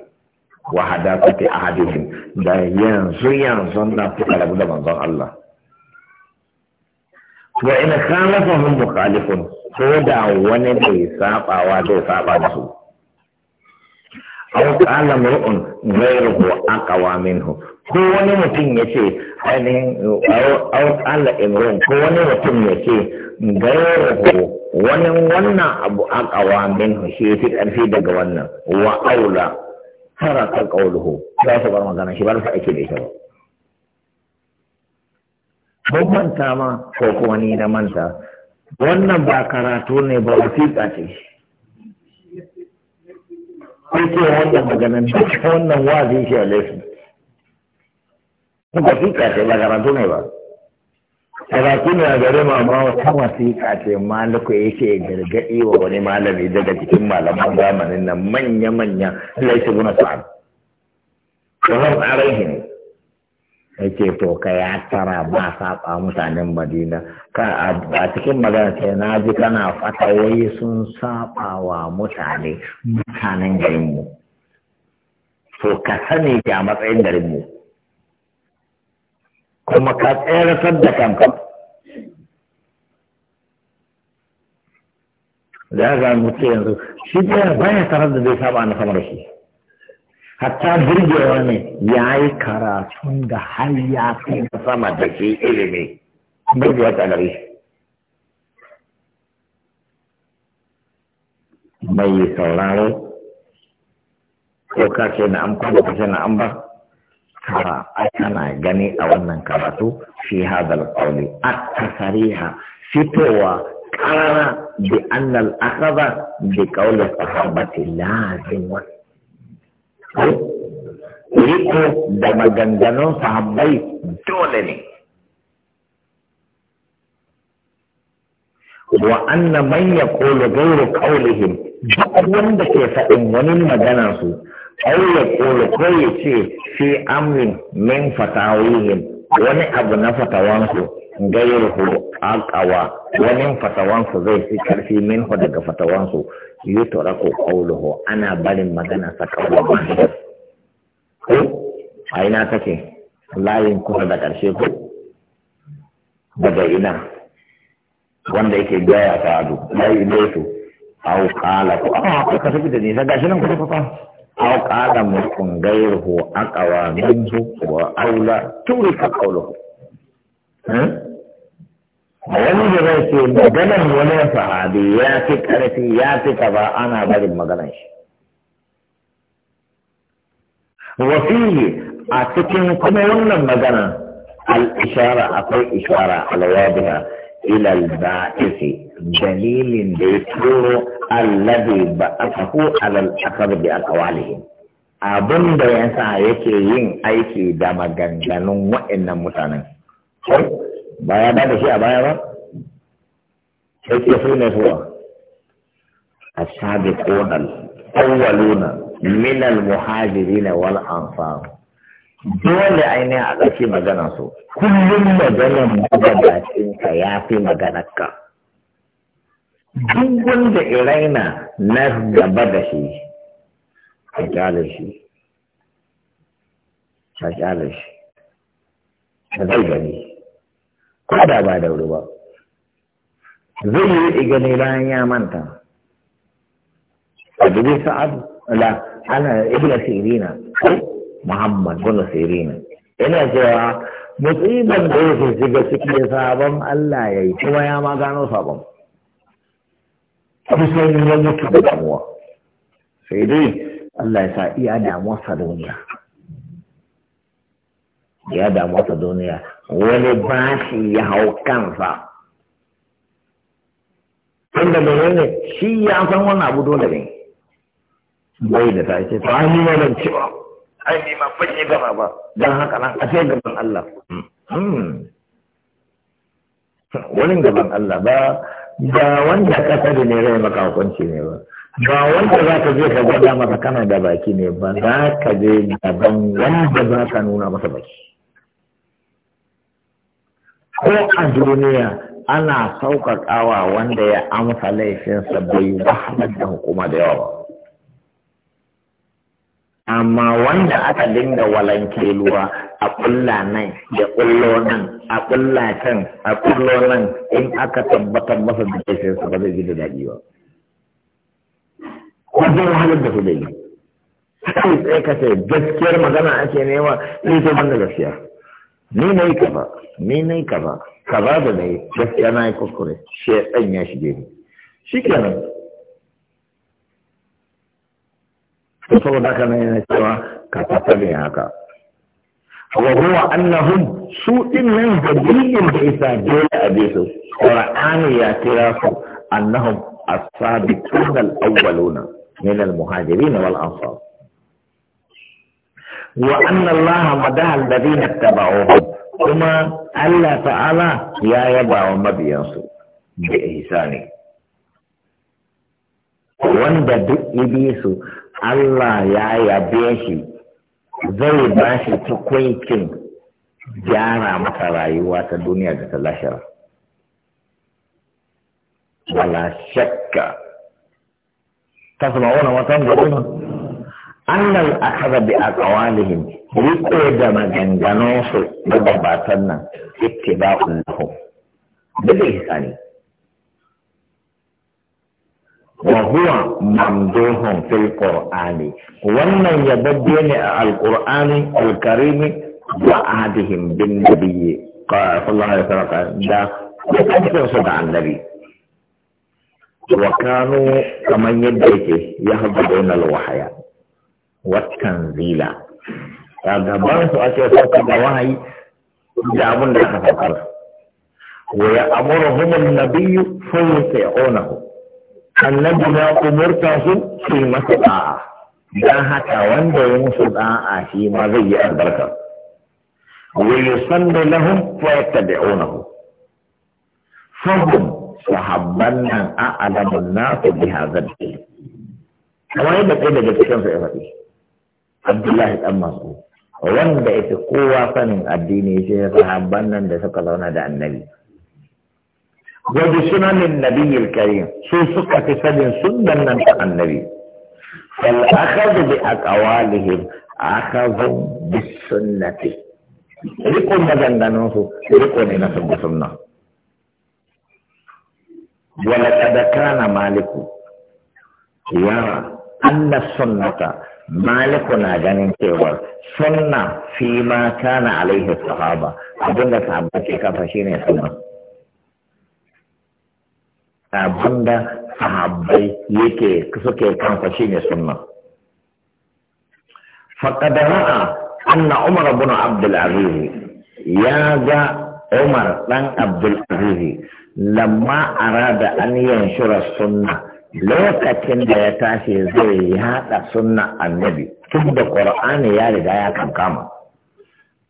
A: wa hadafati ahadihim da yanzu yanzu na fi rabu da manzon Allah wa in khalafahum mukhalifun ko da wani bai sabawa zai saba da su aw qala mar'un ghayruhu aqwa minhu ko wani mutum yace ainihin au ala imrun ko wani mutum ya ce gairahu wani wannan abu aqawa minhu shi fi karfi daga wannan wa aula ka qawluhu za su bar magana shi ba sa ake da ita ba mun manta ma ko kuma ni na manta wannan ba karatu ne ba wasiƙa ce
B: ko ce wannan
A: maganan duka wannan wazi shi a laifin ka ce ba karatu ne ba
B: karatu ne a gare ma ma wata
A: wasiƙa ce maliku yake gargadi wa wani malami daga cikin malaman zamanin nan manya-manya laifi guna sa'ad kamar tsarin shi ne yake to ka ya tara ba saɓa mutanen madina ka a cikin magana ce na ji kana fata wai sun saɓa wa mutane mutanen garin mu? Ko ka sani ga matsayin garin mu? kuma ka tseratar da kanka da ga mutu yanzu shi ɗaya baya tarar da zai saba na kamar shi hatta burgewa ne ya yi karatun da har ya kai sama da shi ilimi burgewa ta gare mai sauraro ko ka na amfani ko ka ce na amfani tara ana gani a wannan karatu fi hadal qawli at-tasriha fitowa qarara bi anna al riko da maganganun sahabbai dole ne wa anna man yaqulu ghayru qawlihim duk wanda ke faɗin wani maganar su ai koya ko ya ce fi amrin min fatawihim wani abu na fatawansu gairuhu wani fatawansu zai fi karfi minhu daga fatawansu yutraku qawluhu ana barin magana sa qawlu mahir ko aina take layin kusa da karshe ko daga ina wanda yake gaya ta adu layi ne su au ko a ah, ka tafi da ni nan ku fa أو قال مسلم غيره أقوى منه وأولى تورك قوله
B: wani da zai ce maganan
A: wani sahabi ya fi ƙarfi ya fi ana barin maganan shi wafihi a cikin kuma wannan magana al-ishara akwai ishara alwadiha ila al dalilin da ya turo allazi ba kafu alal akar bi aqwalihim abin da ya sa yake yin aiki da maganganun wa'annan mutanen ba ya da shi a baya ba sai ke su ne suwa min al muhajirin wal والأنصار dole ainihin a ɗauki su kullum maganar magabacin ka ya fi ka. Dungun da iraina na gaba da shi a kyale shi a kyale shi da zai gani ko da ba da wuri ba zai yi gani bayan ya manta a dubi sa'ad la ana ibla sirina muhammad bin sirina ina cewa musibar da yake shiga cikin sabon Allah ya yi kuma ya ma gano sabon ne ya mutu da damuwa. Sai dai Allah ya sa iya sa duniya. Ya sa duniya. Wani bashi ya hau kansa. Tunda da ne shi ya san wannan abu dole ne. Bai da ta ce, ta ni ma ban cewa, ai ni ma ban yi gaba ba, don haka nan a ce gaban Allah. Hmm. Hmm. Wani gaban Allah ba,
B: ba wanda da ne
A: zai maka hukunci ne ba
B: ba wanda za ka je ka gwada
A: masa kana da baki ne ba za ka je daban wanda za ka nuna masa baki ko a duniya ana sauƙaƙawa wanda ya amsa laifinsa bai wahalar da hukuma da yawa amma wanda aka dinga walanke ruwa a kulla nan ya kullo nan a kulla can a kullo nan in aka tabbatar masa da kashin sa ba zai ji da daɗi ba ko zai wahalar da su da yi sai sai ka ce gaskiyar magana ake nema ni to banda gaskiya ni nayi kaza ni nayi kaza kaza da nayi gaskiya na yi kuskure ɗan ya shige ni shikenan to saboda haka nan yana cewa ka tattabe haka wa huwa annahum su din nan dalilin da isa dole a bisu qur'ani ya kira su annahum as-sabiquna al-awwaluna min al-muhajirin wal ansar wa anna allaha madaha alladhina ittaba'uhum kuma Allah ta'ala ya yaba wa mabiyansu da ihsani wanda duk ibisu Allah ya yabe shi zai ba shi tukuncin gyara masa rayuwa ta duniya da ta lashara. Wala shakka. Ta suna wani watan gudun. a kada bi a kawalihin riko da maganganunsu da babatan nan ittiba'un lahum. Duk da ne. wa huwa fil qur'ani wannan yababbe ne a alqur'ani alkarimi wa adihim bin nabiyyi sallallahu alaihi wasallam da kusantar da annabi wa kanu kaman yadda yake ya habbuna alwahaya wa zila. a gaban su ake saukar da wahayi da abin da aka saukar wa ya amuru humun nabiyyu fa yuti'unahu annabi na umurta su su yi masa da'a dan haka wanda ya musu da'a shi ma zai yi albarka wa yusallu lahum wa yattabi'unahu su sahabban nan a'lamun nasu bi hadhal ilm kamar yadda kai daga cikin su ya faɗi Abdullahi ɗan masu. wanda ita kowa sanin addini fi sahabban nan da suka zauna da annabi
B: وبسنن النبي
A: الكريم سوسك في سجن سنن النبي فالأخذ بأقوالهم أخذ بالسنة ريكو نوصو لكم ننسب بسنة ولقد كان مالك يرى أن السنة مالك ناجانين تيوار سنة فيما كان عليه الصحابة أبنك صحابة كيكا سنة abinda sahabbai yake suke kansa shine sunna faqad ra'a anna umar ibn abdul aziz ya ga umar dan abdul aziz lamma arada an yanshura sunna lokacin da ya tashi zai yada sunna annabi tun da qur'ani ya riga ya kankama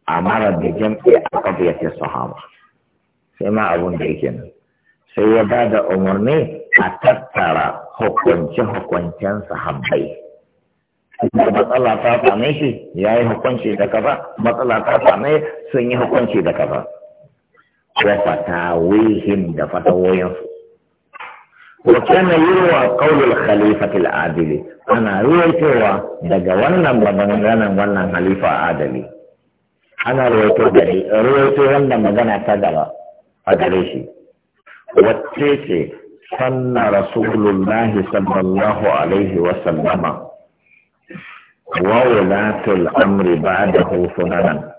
A: amara da jam'i a kafiyar sahaba sai ma abun da yake nan sai ya ba da umarni a tattara hukunce hukuncensa sahabbai. Da matsala ta same shi ya yi hukunci da kafa, matsala ta same sun yi hukunci da kafa. Ya fata fatawihin da fatawoyinsu. Wa kana yurwa qaulul khalifati al-adili ana ruwaitowa daga wannan maganganan wannan halifa adali ana ruwaito da ruwaito wannan magana ta gaba a gare shi wacce صلى رسول الله صلى الله عليه وسلم وولاة الأمر بعده سننا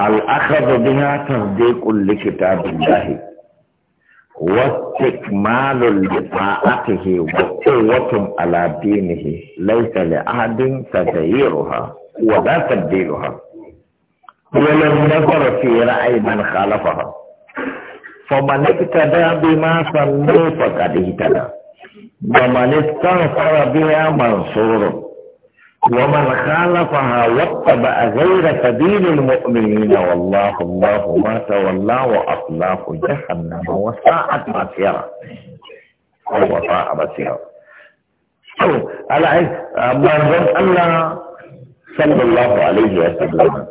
A: الأخذ بها تصديق لكتاب الله واستكمال لطاعته وقوة على دينه ليس لأحد تغييرها ولا تبديلها ولم نظر في رأي من خالفها فمن اقتدى بما صلوا فقد اهتدى ومن استنصر بها منصور ومن خالفها واتبع غير سبيل المؤمنين والله الله ما تولى واصلاه جهنم مسيرا او وساء مسيرا على منظم الله صلى الله عليه وسلم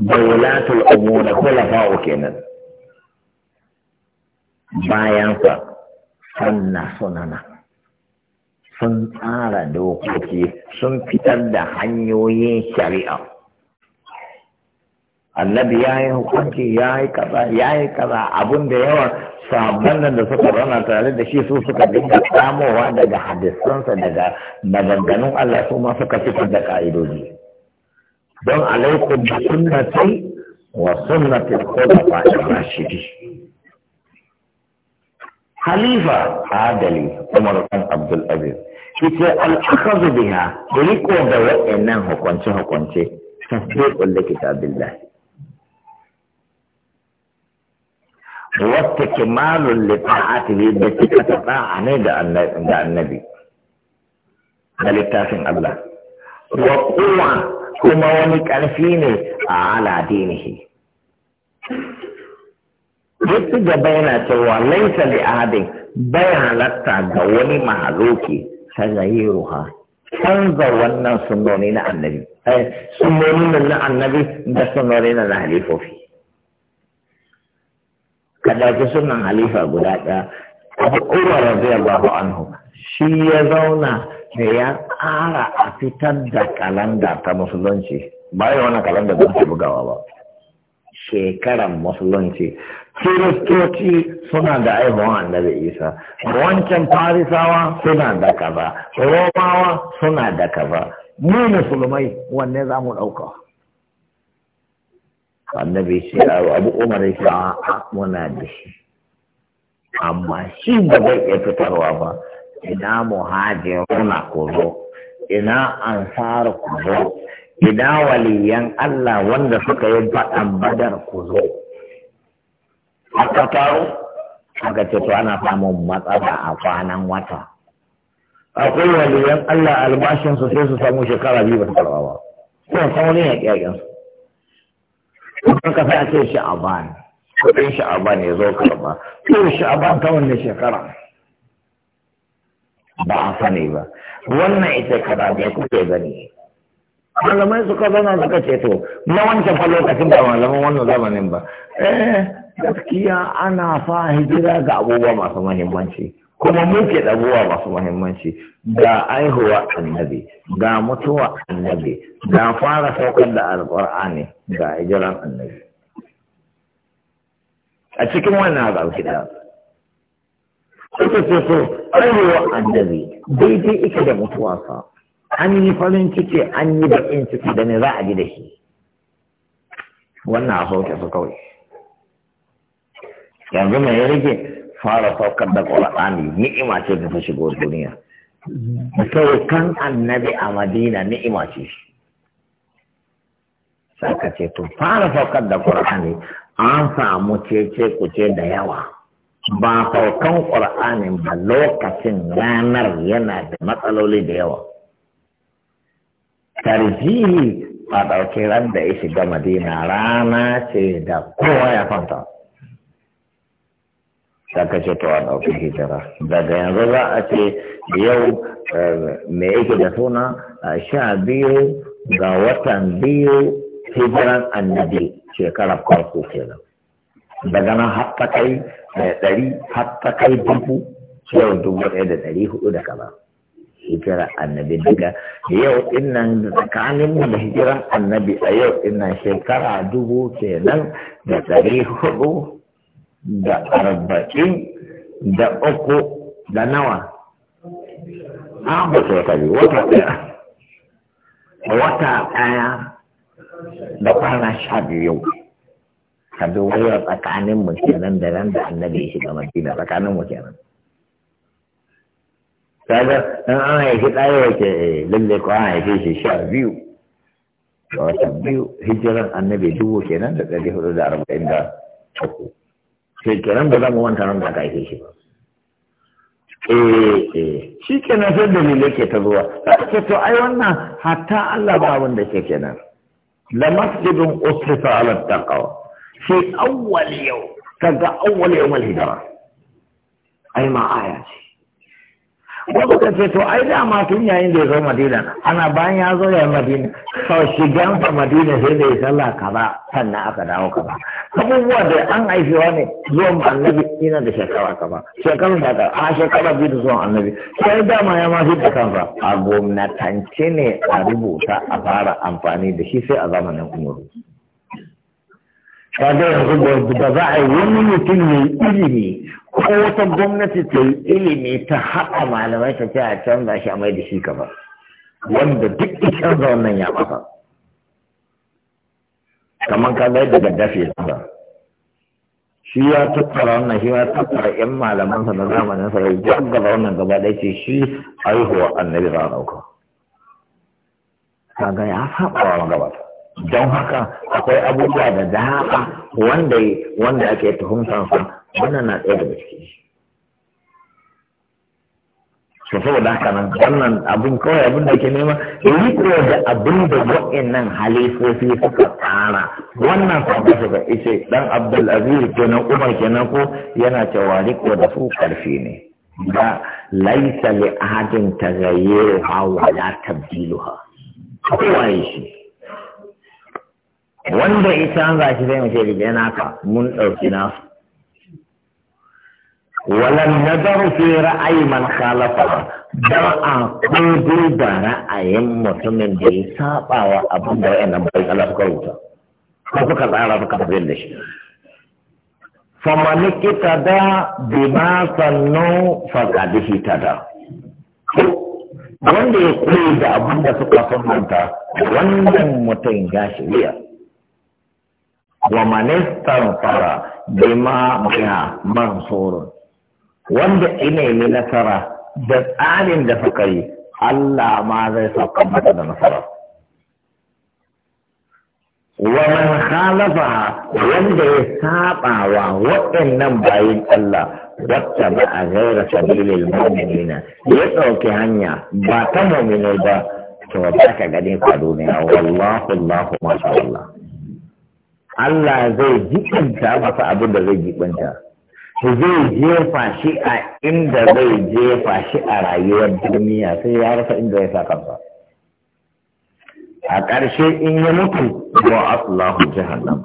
A: دولات الامور خلفاء كنز bayansa na sunana sun tsara dokoki sun fitar da hanyoyin shari'a annabi ya yi hukunci ya yi kaza abun da yawa sabon nan da suka zauna tare da shi su suka dinga samowa daga hadisansa daga maganganun Allah su ma suka fitar da ka'idoji don alaikum bi sunnati wa sunnati khulafa ar-rashidin خليفة عادلي عمر بن عبد العزيز كتير الأخذ بها بريكو دواء إنه كونشي هو كونشي تفضل قل كتاب الله واستكمال لطاعته التي كتبها عنيدة عند النبي بل التاسم الله وقوة كما ونك على دينه duk gaba yana cewa laisa da ahadin bai halatta ga wani mahaloki tagayiruha canza wannan sunoni na annabi eh, sunoni na annabi da sunoni na halifofi ka sunan halifa guda ɗaya abu urwa radiyallahu anhu shi ya zauna da ya ƙara a fitar da kalanda ta musulunci ba ya wani kalanda da bugawa ba shekaran musulunci kiristoci suna da aihuwan annabi isa wancan farisawa suna da kaza romawa suna da kaza mu musulmai wanne za mu ɗauka annabi shi abu umar shi a muna da shi amma shi da zai iya fitarwa ba ina muhajiruna ku zo ina ansar ku zo gida waliyan Allah wanda suka yi faɗan badar ku zo aka taro aka ce to ana samun matsala a kwanan wata akwai waliyan Allah albashin su sai su samu shekara biyu ba su karɓa ba Kuma san wani ya kiyayen su kuma ka sa ce shi a ban ya zo karɓa a ban ta wanne shekara ba a sani ba wannan ita kada ne kuke gani malamai suka zana suka ce to na wancan fa lokacin ba malaman wannan zamanin ba eh gaskiya ana fa hijira ga abubuwa masu muhimmanci kuma muke dabuwa masu muhimmanci ga aihuwa annabi ga mutuwa annabi ga fara saukar da alƙur'ani ga hijiran annabi a cikin wannan abu da ko ce so aihuwa annabi daidai ike da mutuwa sa an yi farin ciki an yi baƙin ciki da ne za a ji da shi wannan a sauke su kawai yanzu mai ya rage fara saukar da ƙwararrani ni'ima ce da ta shigo duniya saukan annabi a madina ni'ima ce saka ce to fara saukar da ƙur'ani an samu cece kuce da yawa ba saukan ƙur'ani ba lokacin ranar yana da matsaloli da yawa tarjihi a ɗauki ran da ya shiga rana ce da kowa ya fanta saka ce to a ɗauki hijira daga yanzu za a ce yau eh, me yake da suna sha biyu ga watan biyu hijiran annabi shekarar farko kenan daga nan hatta kai eh, ɗari har kai dubu yau dubu ɗaya da ɗari hudu da kaza hijira annabi daga yau innan tsakanin da hijiran annabi a yau innan shekara dubu kenan da ɗari hudu da arba'in da uku da nawa a ba shekaru wata ɗaya wata ɗaya da kwana sha biyu ka duba yau tsakanin mu kenan da nan da annabi ya shiga madina tsakanin mu kenan kaga dan an haifi ɗaya yake eh, lalle ko an haifi shi sha biyu a watan biyu hijiran annabi dubu kenan da ɗari hudu da arba'in da uku kenan ba za mu wanta nan da aka haife shi ba eh, eh shi kenan sai dalilai ke ta zuwa ce to ai wannan hatta Allah ba abin da ke kenan la masjidun usrifa ala taqwa fi awwal yau kaga awwal yawm al hijra ai ma aya ce wasu ka ce to ai ma tun yayin da ya zo madina ana bayan ya zo yayin madina sau shigansa madina sai da ya sallah kaza sannan aka dawo kaza abubuwa da an aifewa ne zuwan annabi ina da shekara kaza shekara da ka a shekara biyu da zuwan annabi sai ma ya ma fi da kansa a gwamnatance ne a rubuta a fara amfani da shi sai a zamanin umaru kaga yanzu da za a yi wani mutum mai ilimi ko wata gwamnati ta yi ilimi ta haɗa malamai ta ce a canza shi a mai da shi kamar wanda duk da canza wannan ya ba kamar ka zai daga dafe ba shi ya tattara wannan shi ya tattara yan malamansa na zamanin sa ya jaggaba wannan gaba da ce shi haihuwa annabi za a ɗauka kaga ya saɓa wa gabata don haka akwai abubuwa da dama wanda wanda ake tuhumtansa wannan na ɗaya daga cikin shi to saboda haka nan wannan abin kawai abin da ke nema riko da abin da wa'annan halifofi suka tsara wannan sabon suka ice dan abdulaziz kenan umar kenan ko yana cewa riko da su karfi ne ba laisa li ahadin tagayyuha wa la tabdiluha yi shi wanda ita za shi zai mace da ka mun ɗauki nasu walan nazaru fi ra'ayi man khalafa dan a kudu da ra'ayin mutumin da ya saba wa abin da wayannan bai Allah suka rubuta ko suka tsara suka tafiyar da shi famani kita da bima sannu faqadihi tada wanda ya koyi da abin da suka sunanta wannan mutum ya shirya wa manistan fara bima biha mansurun wanda ina yi nasara da tsarin da suka yi Allah ma zai sauka mata da nasara Waman halaba wanda ya saba wa waɗannan bayin Allah wacce ba a gaira sabilin mu'minina ya ɗauki hanya ba ta mu'minai ba to ba ka gani ka duniya wallahu Allahu masha Allah Allah zai jikinta masa abin da zai jikinta. zai jefa shi a inda zai jefa shi a rayuwar duniya sai ya rasa inda ya sa ba a ƙarshe in ya mutu wa aslahu jahannam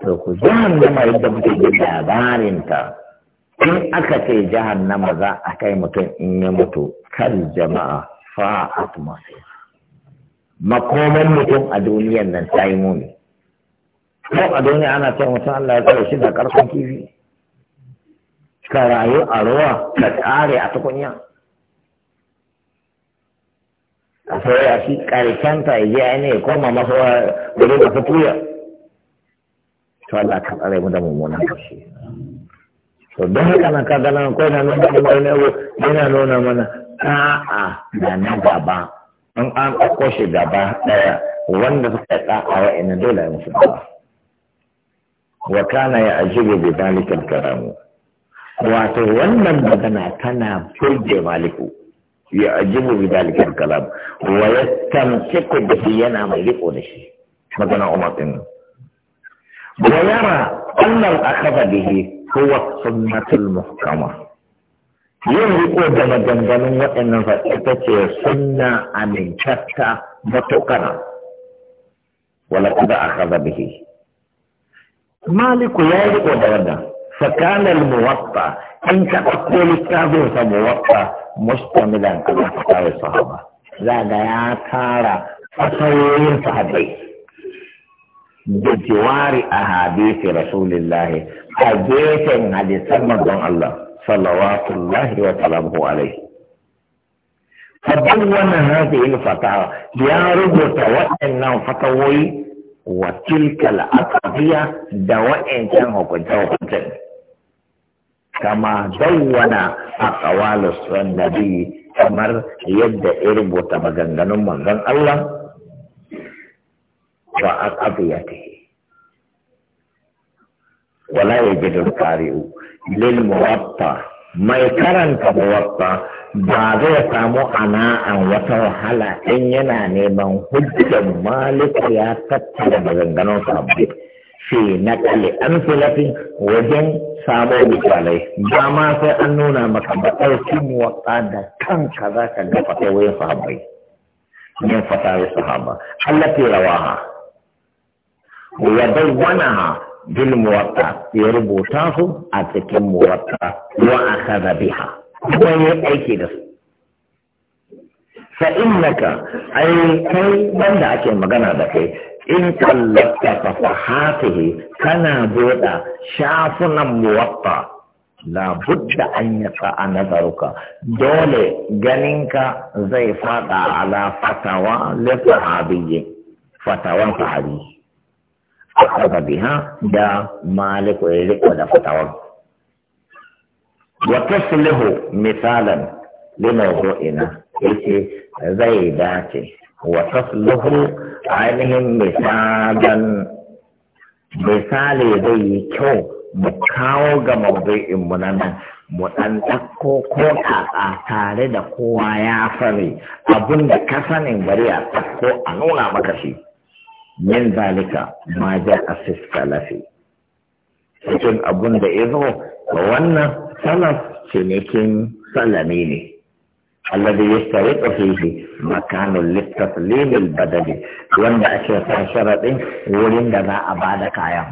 A: to ku jahannama yadda muke labarin ta in aka ce jahannama za a kai mutum in ya mutu kan jama'a a masir makoman mutum a duniyan nan ta yi muni ko a duniya ana ce mutum Allah ya tsare shi da karfin kifi ka rayu a ruwa ka tsare a tukunya a sauya shi karshenta ya je ne ya koma masa wani masu tuya to Allah ka tsare mu da mummunan kashi to don haka nan ka gana ko na nuna mana wani abu yana nuna mana a'a da na gaba in an ɗauko shi gaba ɗaya wanda suka ɗa'a wa'ina dole ya musu gaba wa ya ajibu bi zalika karamu wato wannan magana tana furge maliku ya ajibu bi zalika kalam wa yastamsiku bihi yana mai riko da shi magana umar ɗin. wa yara anna al-akhadha bihi huwa sunnatul muhkama yin riko da maganganun waɗannan fa ita ce sunna amintatta matuƙar. wala kada akhadha bihi maliku ya yi riko da wannan muwatta in ka ɗauko littafin sa muwatta mustamilan ala fatawa sahaba za ga ya tara fasayoyin sahabbai da jiwari a hadisi rasulillahi a gefen hadisan manzon Allah salawatullahi wa salamuhu alaihi فدون هذه الفتاوى ya rubuta waɗannan فتوي wa tilkal aqdiya da wa'ancan hukunta hukuncin kama dawwana aqwalu nabi kamar yadda ya rubuta maganganun manzon Allah wa aqdiyatihi wala yajidu qariu lil muwatta mai karanta muwatta ba zai samu ana'an wata wahala in yana neman hujjar maliku ya tattara maganganun sabbi fi na kalli an filafin wajen samo misalai ba ma sai an nuna maka ba ɗauki muwatsa da kanka za ka ga fatawoyin sahabbai min fatawar sahaba Allah ke rawaha wa dawwanaha bil muwaƙa ya rubuta su a cikin muwatta wa akhadha biha
B: kuma ya aiki
A: da su fa innaka ai kai banda ake magana da kai in kallata kana buɗa shafunan muwaffa la budda an yasa a nazaruka dole ganinka zai faɗa ala fatawa li sahabiyyi fatawan sahabi kasa biha da maliku ya riko da fatawan wa taslihu misalan limawdu'ina yace zai dace wa taslihu ainihin misalan misali zai yi kyau mu kawo ga mawdu'in mu nan mu dan dakko ko a tare da kowa ya fare abin da ka sanin bari a ɗauko a nuna maka shi min zalika ma ja a kalafi cikin abun da ya zo wannan salaf cinikin salami ne alladhi yastariqu fihi makanul litaslimil badali wanda ake sa sharadin wurin da za a da kayan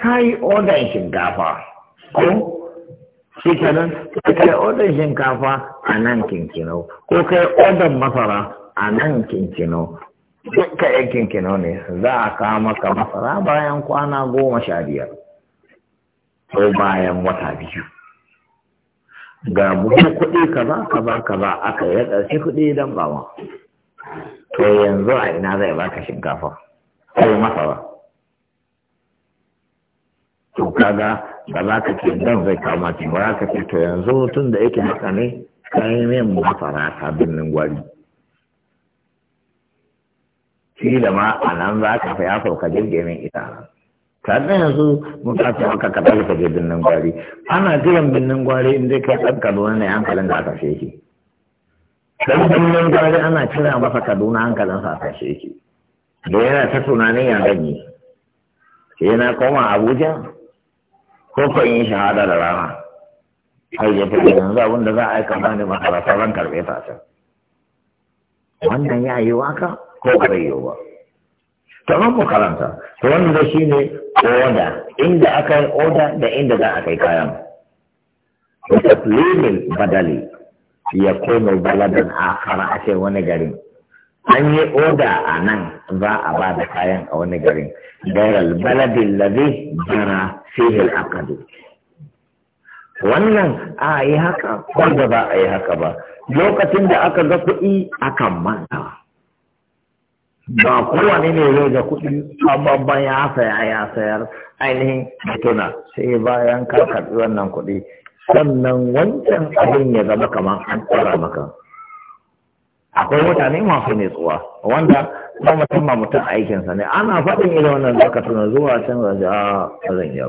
A: kai odan shinkafa ko shi kenan kai odan shinkafa a nan kinkino ko kai odan masara a nan kinkino duk kinkinau ne za a kawo maka masara bayan kwana goma sha biyar ko bayan wata biyu ga buhu kuɗi kaza kaza kaza aka yi ɗarshe kuɗi don bawa to yanzu a ina zai baka shinkafa ko masara to kaga ba za ka ce don zai kama ki ba ka ce to yanzu tun da yake haka ne kayan yin masara ta birnin gwari shi da ma a nan za ka fi ya ka jirgin ita kaga yanzu muka ce aka ka ta je binnin gwari ana jiran binnin gwari in zai kai ɗan kaduna ne hankalin da aka shi yake dan binnin gwari ana kira masa kaduna hankalin sa aka shi yake da yana ta tunanin ya ganye sai na koma abuja ko ko yi shahada da rana har ya fi yanzu abin da za a aika bani makarata ran karɓe ta can wannan ya yi waka ko ba zai yi ba kamar makaranta karanta to wannan shi ne oda inda aka yi oda da inda za a kai kayan taslimin badali ya koma baladan fara a ce wani garin an yi oda a nan za a ba da kayan a wani garin gairar baladin lazi jara fihil akadu wannan a yi haka ko da ba a yi haka ba lokacin da aka ga kuɗi akan mantawa ba kowane ne zai da kuɗi babban ya saya ya sayar ainihin mutuna sai bayan ka wannan kuɗi sannan wancan abin ya zama kamar an tsara maka akwai mutane masu nutsuwa wanda ba mutum ma mutum aikinsa ne ana faɗin irin wannan zaka tuna zuwa can ah, zan a zan yi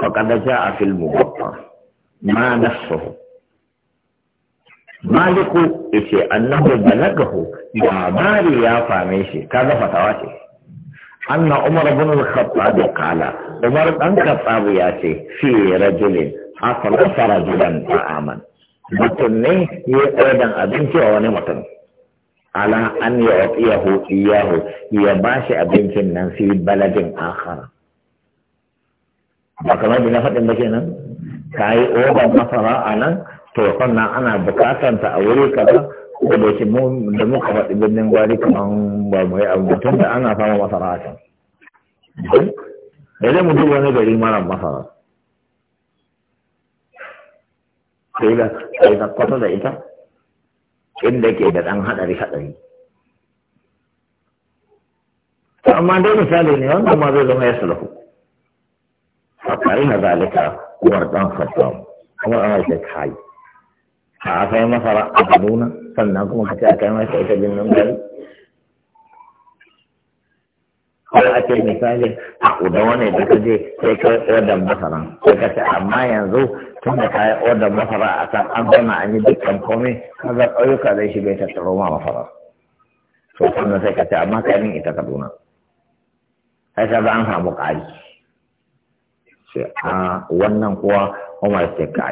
A: ba a filmu ba ma nasu. maliku yace annahu balagahu labari ya fame shi kaga fatawa ce anna umar ibn al-khattab qala umar dan khattab ya ce fi rajulin asala rajulan aman. mutum ne ya ɗan abinci wa wani mutum ala an ya yahu iyahu ya ba shi abincin nan fi baladin akhara ba kamar bi na faɗin ba kenan ka yi oban masara a nan to sannan ana bukatan ta a wuri kaza ko da shi mu da muka faɗi birnin gwari kaman ba mu yi abu tun da ana samun masara a can yanzu mu duba wani gari mara masara sai da sai da kwata da ita inda ke da ɗan haɗari haɗari amma dai misali ne wannan ma zai zama ya sulhu a tare na zalika uwar ɗan fatta kuma ana shi kai a kai masara a kaduna sannan kuma ka ce a kai masa ita nan gari kawai a ce misali a udawa wani da ka je sai ka oda masara sai ka ce amma yanzu tun da ka yi masara a kan an zama an yi dukkan komai ka ga ƙauyuka zai shiga ta tsaro ma masara to sannan sai ka ce amma ka yi ita kaduna sai ka an samu ƙari sai a ah, wannan kuwa umar sai ka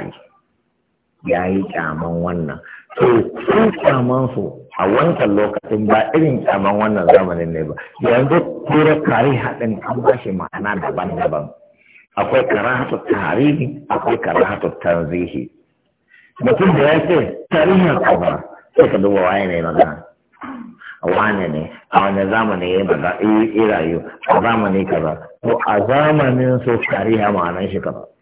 A: ya yi kyaman wannan to sun kyaman su a wancan lokacin ba irin kyaman wannan zamanin ne ba yanzu tura kare haɗin an ba shi ma'ana daban-daban akwai karahatu tarihi akwai karahatu tanzihi mutum da ya ce tarihin kaza sai ka duba waye ne magana wane ne a wani zamani ya yi eh, rayu a zamani kaza ko a zamanin su tarihi ma'anan shi kaza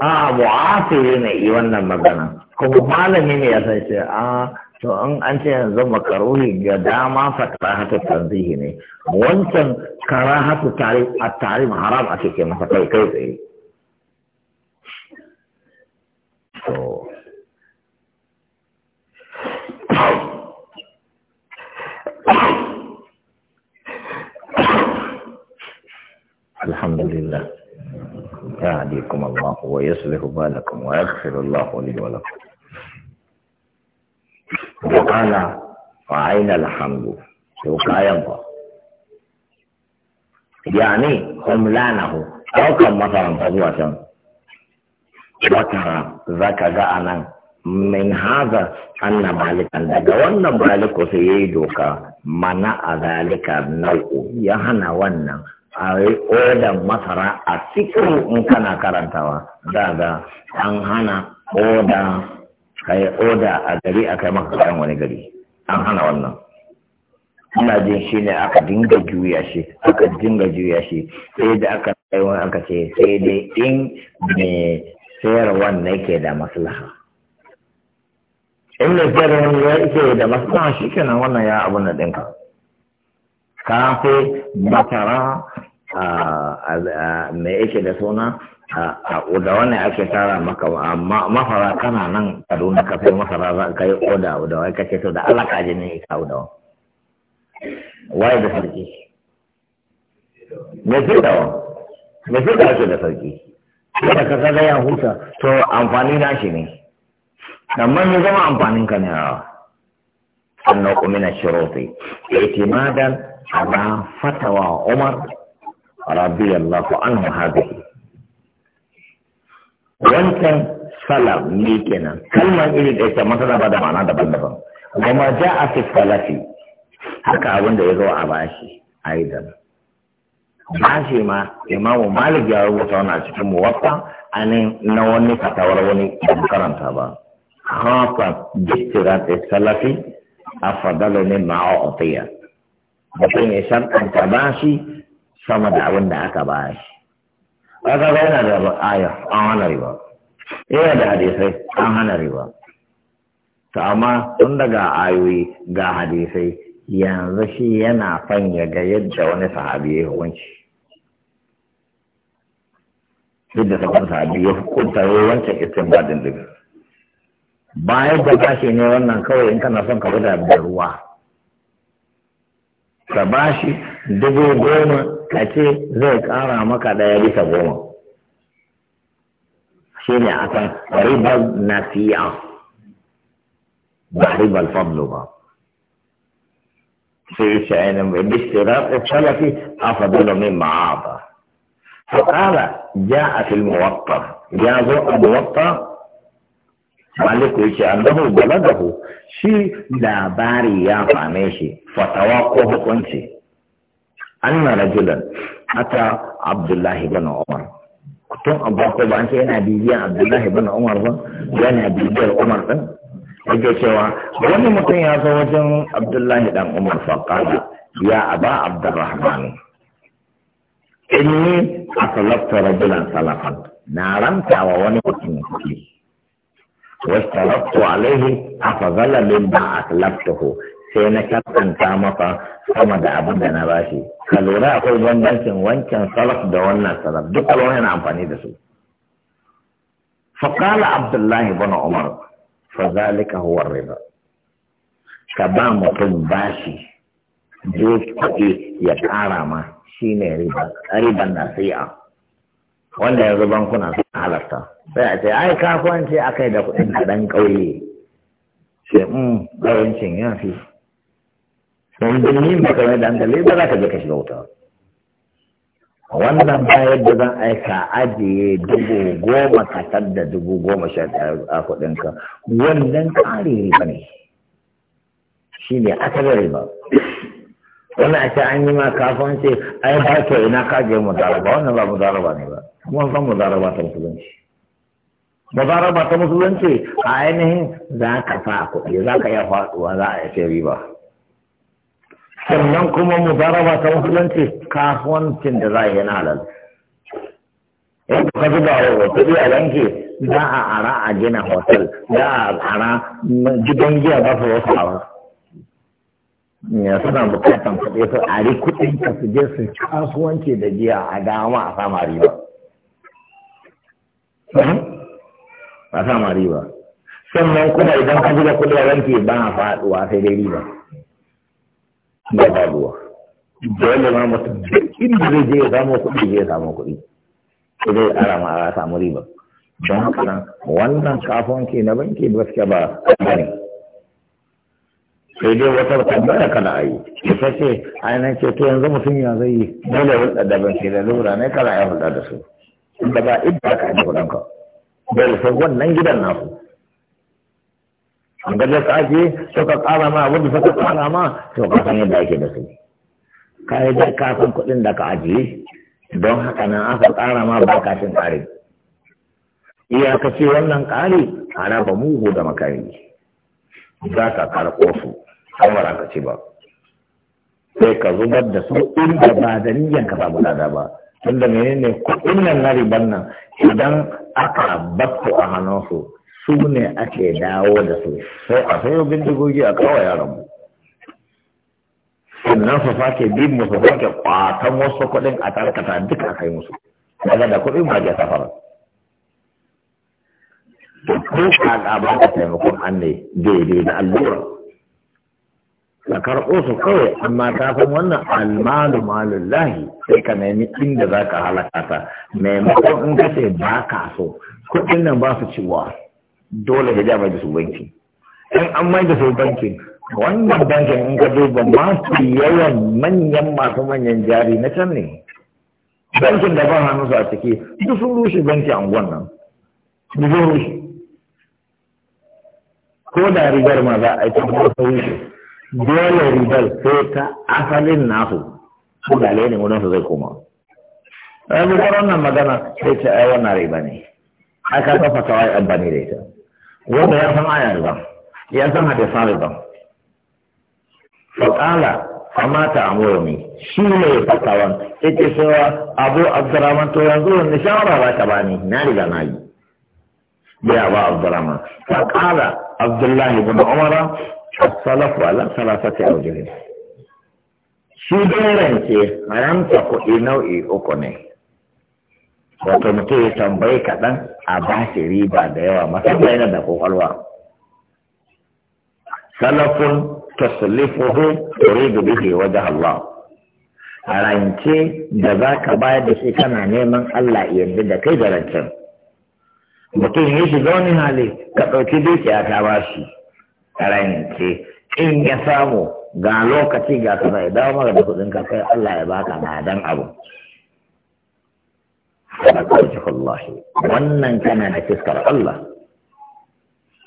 A: a mu'asiri ne yi wannan magana kuma malami ne ya san shi a to an an ce yanzu makaruhi ga dama fa karahatu tanzihi ne wancan karahatu tari a tari haram ake ce masa kai kai tsaye to alhamdulillah يهديكم الله ويصلح بالكم ويغفر الله لي ولكم وقال وعين الحمد وقايضة يعني هم لانه أو كم مثلا فضوة وترى ذاك جاءنا من هذا أن مالكا دقا وأن مالك سيدك منع ذلك النوء يهنا ونن a yi odan masara a cikin in kana karantawa daga an hana oda yi oda a gari a kai maka kayan wani gari an hana wannan ina jin shi ne aka dinga juya shi aka dinga juya shi sai da aka kai wani aka ce sai dai in mai sayarwan na ke da maslaha in mai sayarwan ya ke da maslaha shi kenan wannan ya abu na ɗinka kafe masara me yake da suna da wannan ake tara maka mafara kana nan kaduna kafe masara za ka yi oda da wai kake to da Allah ka ji ne ka oda wai da sarki me ce da me ce da ake da sarki da ka ga ya huta to amfani na shi ne amma me zama amfanin ka ne a annaku min ash-shuruti i'timadan على fatawa Umar رضي الله عنه هذه wancan sala ne kenan kalmar iri da ita mata ba da ma'ana daban-daban kuma ja a salafi haka abin da ya zo a bashi aidan bashi ma imamu malik ya rubuta wani a cikin muwatta a ne na wani fatawar wani karanta ba hafa bistirat salafi a fadalo ne ma'a otiya mutum ya sharɗanta ba shi sama da abin da aka ba shi ga yana da aya an hana riba yana da hadisai an hana riba to amma tun daga ayoyi ga hadisai yanzu shi yana fanya ga yadda wani sahabi ya hukunci yadda sabon sahabi ya hukunta wancan istinbadin din bayan da kashi ne wannan kawai in kana son ka da ruwa ka bashi dubu goma ka ce zai kara maka ɗaya bisa goma shi ne a kan ribar nafiya ba ribar fablo ba sai shi ainihin bai bishira salafi a fadlo min ma'aba a filmu في ya zo ذو الموطأ
B: maliku ya ce annahu balagahu
A: shi labari ya fame shi fatawa ko hukunci anna rajulan ata abdullahi bin umar tun abu ba an ce yana bibiya abdullahi bin umar ba yana bibiyar umar din yake cewa wani mutum ya zo wajen abdullahi dan umar faqala ya aba abdurrahman inni asalafta rajulan salafan na ranta wa wani mutum Wasu واستربت عليه أفضل a أخلفته sai na kaskanta maka sama da abinda na bashi ka lura akwai bambancin wancan salaf da wannan salaf duk alwa amfani da su faƙala abdullahi bin umar fa zalika huwa riba ka ba mutum bashi je ya ƙara ma shine riba riban nasi'a wanda yanzu bankuna sun halarta sai a ce ai kasuwanci a kai da kuɗin ɗan ƙauye ce mm ƙawancin ya fi sun ni ba ka mai da hankali ba za ka je ka shiga wuta wannan ba yadda zan aika ajiye dubu goma ka da dubu goma sha a kuɗinka wannan ƙari riba ne shi ne asalin riba wannan a ce an yi ma kasuwanci ai ba ke ina ka je mu zaraba wannan ba mu zaraba ne ba kuma san ba ta musulunci ba ta musulunci a ainihin za ka sa kuɗi za ka iya faɗuwa za a yace riba sannan kuma ba ta musulunci kasuwancin da za a yi na halal
B: in ka zuba wa biyu a yanki za a
A: ara a gina hotel za a ara gidan giya za su wasu awa ya suna bukatan kuɗi su ari kuɗin ka su je su kasuwanci da giya a dama a sama riba ba sa ma riba sannan kuma idan ka zuba kudi a banki ba a faɗuwa sai dai riba ba faɗuwa dole ma mutum duk inda zai je ya samu kuɗi zai samu kuɗi dai ƙara ma a samu riba don haka nan wannan ke na banki suke ba ne
B: sai dai wata tambaya kana a
A: yi ita ce ainihin ce to yanzu mutum ya zai yi dole hulɗa da banki da lura ne kada ya hulɗa da su inda ba idda ka aje kuɗin ka bai san wannan gidan nasu an gaje ka aje to ka ƙara ma abin da suka ƙara ma to ka san yadda ake da su ka yi da ka san kuɗin da ka ajiye don haka nan aka ƙara ma ba ka cin ƙari ce wannan ƙari a raba mugu da makari za ka karɓo su wara aka ce ba sai ka zubar da su inda ba da niyyar ka ba ba tunda menene kuɗin nan na riban nan idan aka battu a hannunsu su ne ake dawo da su sai a sayo bindigogi a kawo yaran mu sannan su sake bin mu su sake kwatan wasu kuɗin a tarkata duk a kai musu daga da kuɗin ma ke safara ko ka ga ba taimakon an ne daidai da allura ka osu su kawai amma ta san wannan almalu malin lahi sai ka nemi inda za ka halaka ta maimakon in ka ce ba ka so kuɗin nan ba su ciwa dole ka ja mai da su banki in an mai da su banki wannan bankin in ka duba masu yawan manyan masu manyan jari na can ne bankin da ba hannu su a ciki duk sun rushe banki a nan duk sun rushe ko da rigar ma za a yi ta rushe dole ribar sai ta asalin nasu su gale ne wurin su zai koma yanzu kwaron nan magana sai ce ai wannan riba ne aka kafa kawai amfani da ita wanda ya san aya riba ya san hadisan riba fakala amma ta amuru ne shi ne fatawan yake cewa abu abdurrahman to yanzu wani shawara ba ta bani na riga na yi bai abu abdurrahman fakala abdullahi bin umara salafu ala salafati aujihin shi don rance haramta kuɗi nau'i uku ne wato mutum ya tambayi kaɗan a ba shi riba da yawa masu yana da kwakwalwa salafun taslifuhu turidu bihi wajh Allah rance da za ka bayar da shi kana neman Allah yanzu da kai da rancen mutum ya shiga wani hali ka ɗauki dukiya ta ba shi ce. in ya samu ga lokaci ga kaza ya dawo mara da kudin ka kai Allah ya baka na dan abu wannan kana da fiskar Allah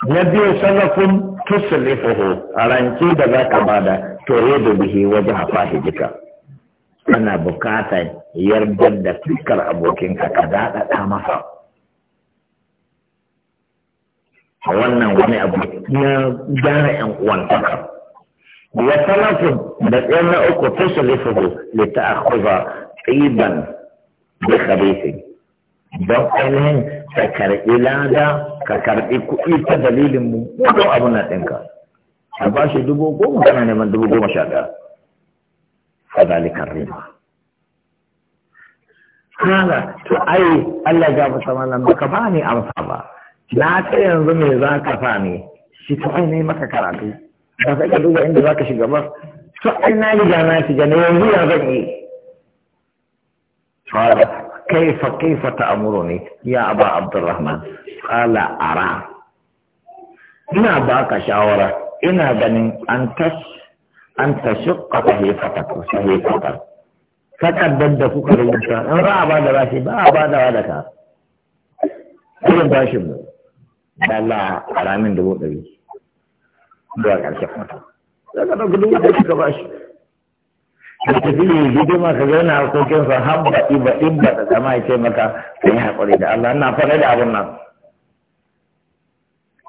A: na biyu salafun tusrifuhu a ranci da za ka bada tore da bihi waje a hafahi jika ana bukatar yardar da fiskar abokinka ka daɗaɗa masa a wannan wani abu na gyara yan uwantaka wa salatu da tsayin na uku ta shalifuhu li ta'khudha qiban bi khabithin don ainihin ka karɓi lada ka karɓi kuɗi ta dalilin mu wajen abin na ɗinka a ba shi dubu goma kana neman dubu goma sha ɗaya fadalikar riba kala to ai Allah ya ga masa malam baka ba ni amsa ba na ce yanzu me za ka fa ne shi ta ainihin maka karatu ba sai ka duba inda za ka shiga ba su ai na riga na shiga ne yanzu ya zan yi kaifa kaifa ta amuro ne ya aba abdurrahman kala ara ina baka shawara ina ganin an tas an tashqa sahifata ko sahifata takaddar da kuka rubuta in za ba da rashi ba a ba da wadaka irin bashin mu dala a ramin dubu ɗari zuwa ƙarshen wata za ka ɗauki dubu ɗari ka bashi da tafi yi gidi ma ka zauna harkokinsa har baɗi baɗi ba ta zama ya ce maka ka yi haƙuri da Allah na faɗa da abin nan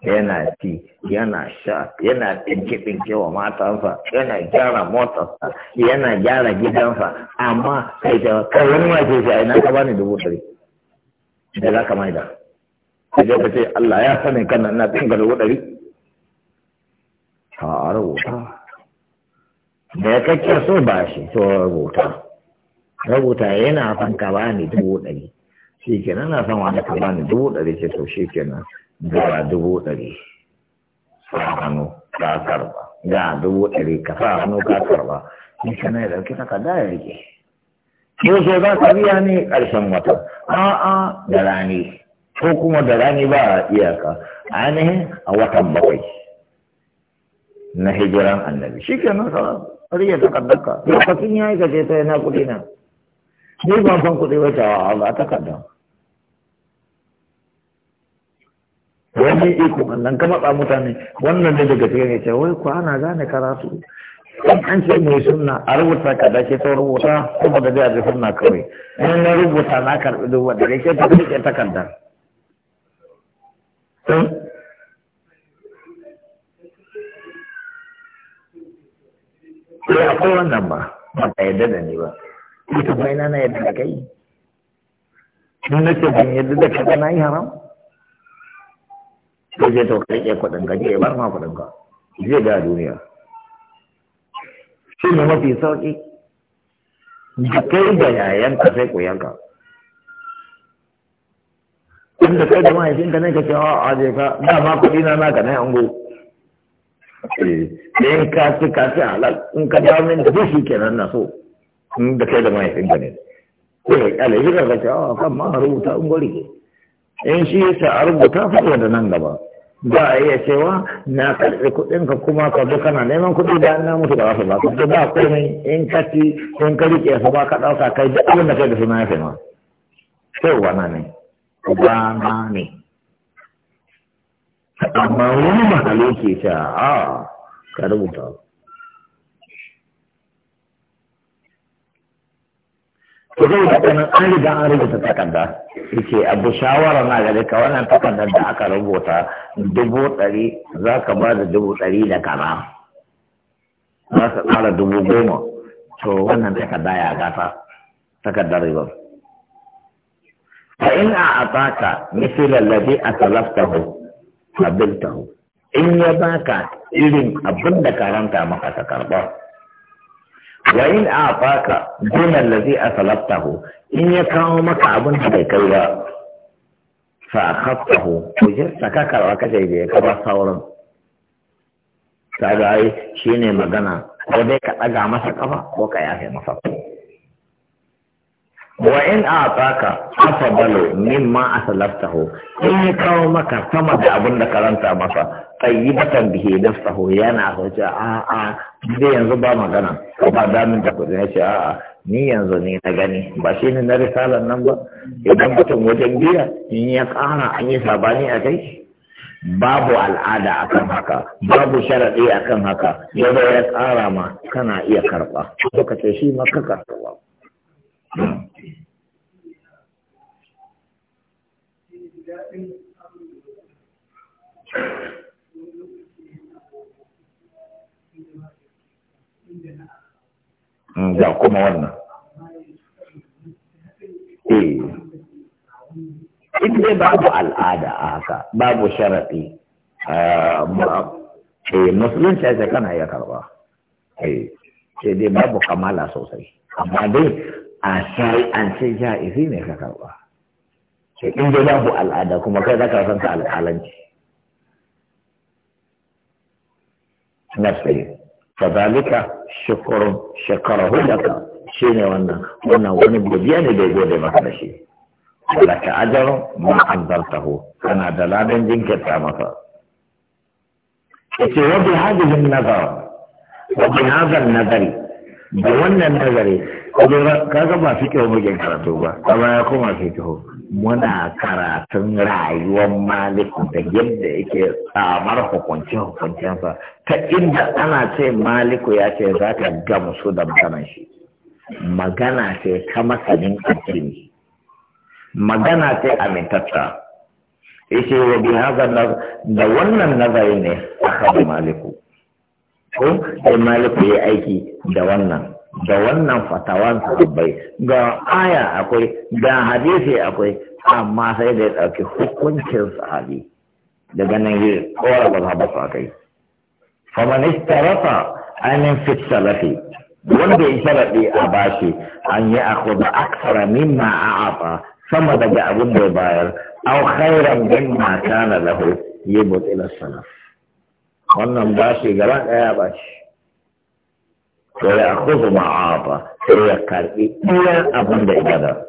A: yana ci yana sha yana ɗinke ɗinke wa matansa yana gyara motarsa yana gyara gidansa amma kai ta kai wani ma ce shi a ina ka bani dubu ɗari da za ka maida ka je ka ce Allah ya sani kan nan na kan gado ɗari a rubuta da ya kake so ba shi to rubuta rubuta yana son ka ba ni dubu ɗari shi nan na son wani ka ba ni dubu ɗari ce to shi nan ga dubu ɗari sa hannu ka karba ga dubu ɗari ka sa hannu ka karba shi na ya ɗauki takarda ya rike. Yau so za ka biya ni ƙarshen wata, a'a da rani. ko kuma da rani ba a iyaka ainihin a watan bakwai na hijiran annabi shi ke nan sarar ta kaddaka lokacin ya yi gaje ta yana kuɗi na ni ba san kuɗi wata wa ta takarda wani iko wannan kama matsa mutane wannan ne daga cikin ya ce wai ku ana gane karatu in an ce mai sunna a rubuta ka da ke ta rubuta kuma da zai da sunna kawai in na rubuta na karɓi duk wanda da ke ta karɓi takardar Ya eh, akwai wannan ba, ba ka yadda da ni ba. Ita bai na na yadda da kai. Tun na ce ban yadda da kaga na yi haram. Ko je to kai ke kuɗin ka je bar ma kuɗin ka. Zai ga duniya. Shi ne mafi sauƙi. Da kai da yayan ka sai ku yanka. da kai da mahaifinka ne ka ce a ah, je ka da ma kuɗi na naka na yango eh, in ka ci ka ci halal in ka dawo min da shi kenan na so in da kai da mahaifinka ne ko ya kyale shi ka ce a ah, kan ma rubuta in gori in shi ya ce a rubuta fa da nan gaba za a iya cewa na karɓi kuɗinka kuma ka zo kana neman kuɗi da na mutu da wasu ba ka ba komai in ka ci in ka riƙe su ba ka ɗauka kai duk abin da kai da suna ya fi ma. Sai wa na ne. ubana ne amma wani mahalo ke sha a ka rubuta to zai da kanan an riga an rubuta takarda yake abu shawara na gare ka wannan takardar da aka rubuta dubu ɗari za ka ba da dubu ɗari da kara. za ka ƙara dubu goma to wannan takarda ya gata takardar ribar fa in a abaka misilan ladi a salafta hu abin ta hu in ya baka irin abin da karanta maka ta karba wa in a abaka gunan ladi a salafta hu in ya kawo maka abin da bai kai ba fa a kafa hu ku je saka karawa ka je je ka ba sauran ta shi ne magana ko dai ka daga masa kafa ko ka yafe masa kafa
B: wa in ataka
A: ma mimma ho in ya kawo maka sama da abin da karanta masa bihe da saho yana hoja a a zai yanzu ba magana ko ba damin da kudi yace a a ni yanzu ne na gani ba shi ne na risalar nan ba idan mutum wajen biya in ya kara an yi sabani a kai babu al'ada akan haka babu sharaɗi akan haka yadda ya kara ma kana iya karɓa suka ce shi ma ka karɓa ga mm, kuma wannan eh dai babu al'ada a haka babu sharaɗi ah, eh musulunci ya kana ya karba eh sai dai babu kamala sosai amma dai a an shari'ance ja'izi ne ka karɓa sai in da babu al'ada kuma kai zaka san ka al'alanci nafsi fadalika shukrun shakarahu laka shine wannan wannan wani godiya ne da ya gode maka da shi laka ajaru ma addartahu kana da ladan jinkirta masa yace wa bi hadhihi an-nazar wa bi hadha an-nazari da wannan nazari kaga ba kyau muke karatu ba amma ya koma kyau muna karatun rayuwar maliku da yadda yake tsamar hukuncin hukuncinsa ta inda ana ce maliku ya ce za ka gamsu da maganan shi magana ce ta masanin addini magana ce amintacca ishe wa bi hadha da wannan nazari ne aka maliku ko sai maliku ya aiki da wannan da wannan fatawan sahabbai ga aya akwai da hadisi akwai amma sai da ya ɗauki hukuncin sahabi daga nan yi kora ba za ba su akai faman istarafa ainihin fit salafi wanda ya sharaɗi a bashi an yi akwai aksara mimma a afa sama daga abin da ya bayar au khairan ma kana lahu yi butilar salaf wannan bashi gaba ɗaya bashi a ma sai ويأخذ ما أعطى فيكر إلى أبن إجابة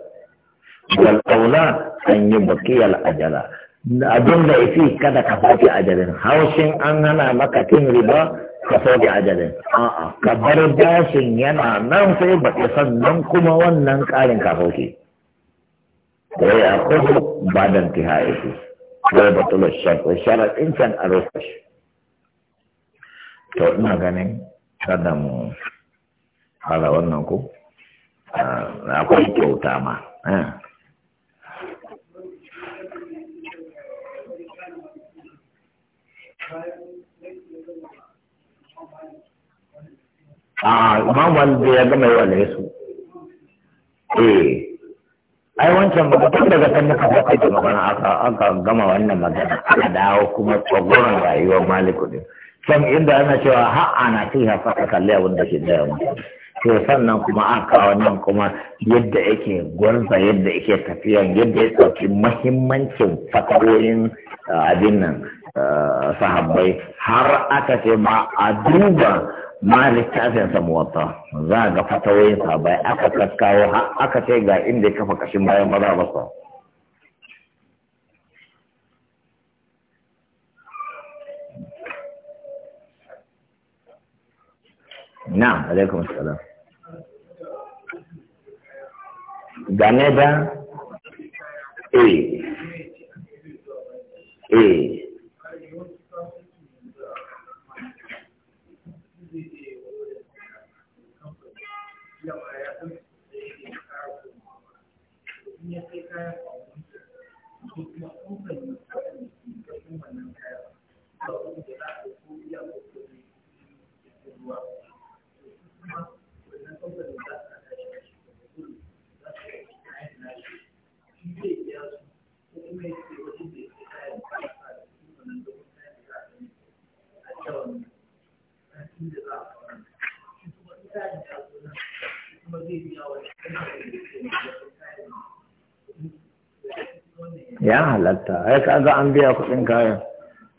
A: an yi bakiyar ajala. أبن da ifi kada ka sauke ajalin haushin an hana maka cin riba ka sauke ajalin a'a ka bar bashin yana nan sai ba baki sannan kuma wannan ƙarin ka sauke
B: sai a kudu
A: ba da intihai shi sai batulun shafi sharaɗin can a rufe to ina ganin kada mu hala wannan ko ah, akwai kyauta ma eh. a ah, imam walde ya gama yawa ne su eh ai wancan magana daga kan muka fara da magana aka aka gama wannan magana aka dawo kuma tsogoran rayuwar maliku din can inda ana cewa ha'a na fi hafa ka kalli abin da ke da yawa to sannan kuma a kawo nan kuma yadda yake gwarza yadda yake tafiya yadda ya ɗauki mahimmancin fatawoyin abin nan sahabbai har aka ce ma a duba ma littafin samuwata za ga fatawoyin sahabbai aka kaskawo aka ce ga inda ya kafa kashin bayan maza sa. na'am alaikum salam game da eh eh ya halatta ai kaga an biya kudin kayan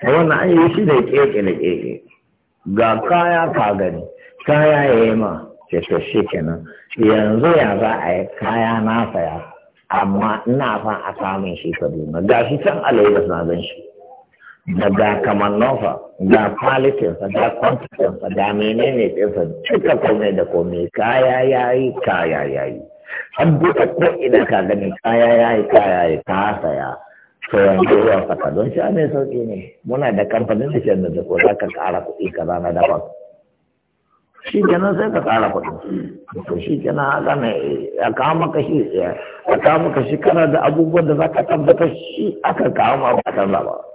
A: wannan an yi shi da keke da keke ga kaya ka gani kaya ya yi ma ce shi kenan yanzu ya za a yi kaya na saya amma ina fa a samun shi kaduna ga shi can alayyar na gan shi da ga kamanninsa da kwalitinsa da kwantitinsa da menene ɗinsa duka kome da kome kaya yayi kaya yayi an buɗe ko ina ka gani kaya yayi kaya yayi ka saya to yanzu ruwan saka don shi mai sauƙi ne muna da kamfanin da shi da ko za ka ƙara kuɗi ka na daban shi kenan sai ka ƙara kuɗi to shi kenan haka ne a kawo maka shi a kawo maka shi kana da abubuwan da za ka tabbatar shi aka kawo maka tabbatar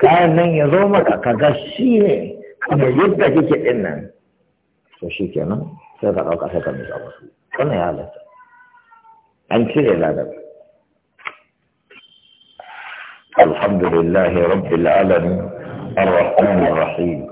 A: kayan nan ya zo maka ka ga shi ne kuma yadda kike din nan to shi kenan sai ka dauka sai ka misa ba musu wannan ya halatta an cire ladar alhamdulillahi rabbil alamin الرحمن الرحيم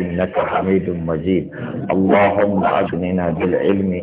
A: إنك حميد مجيد اللهم أغننا بالعلم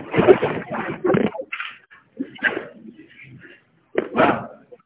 B: Gracias.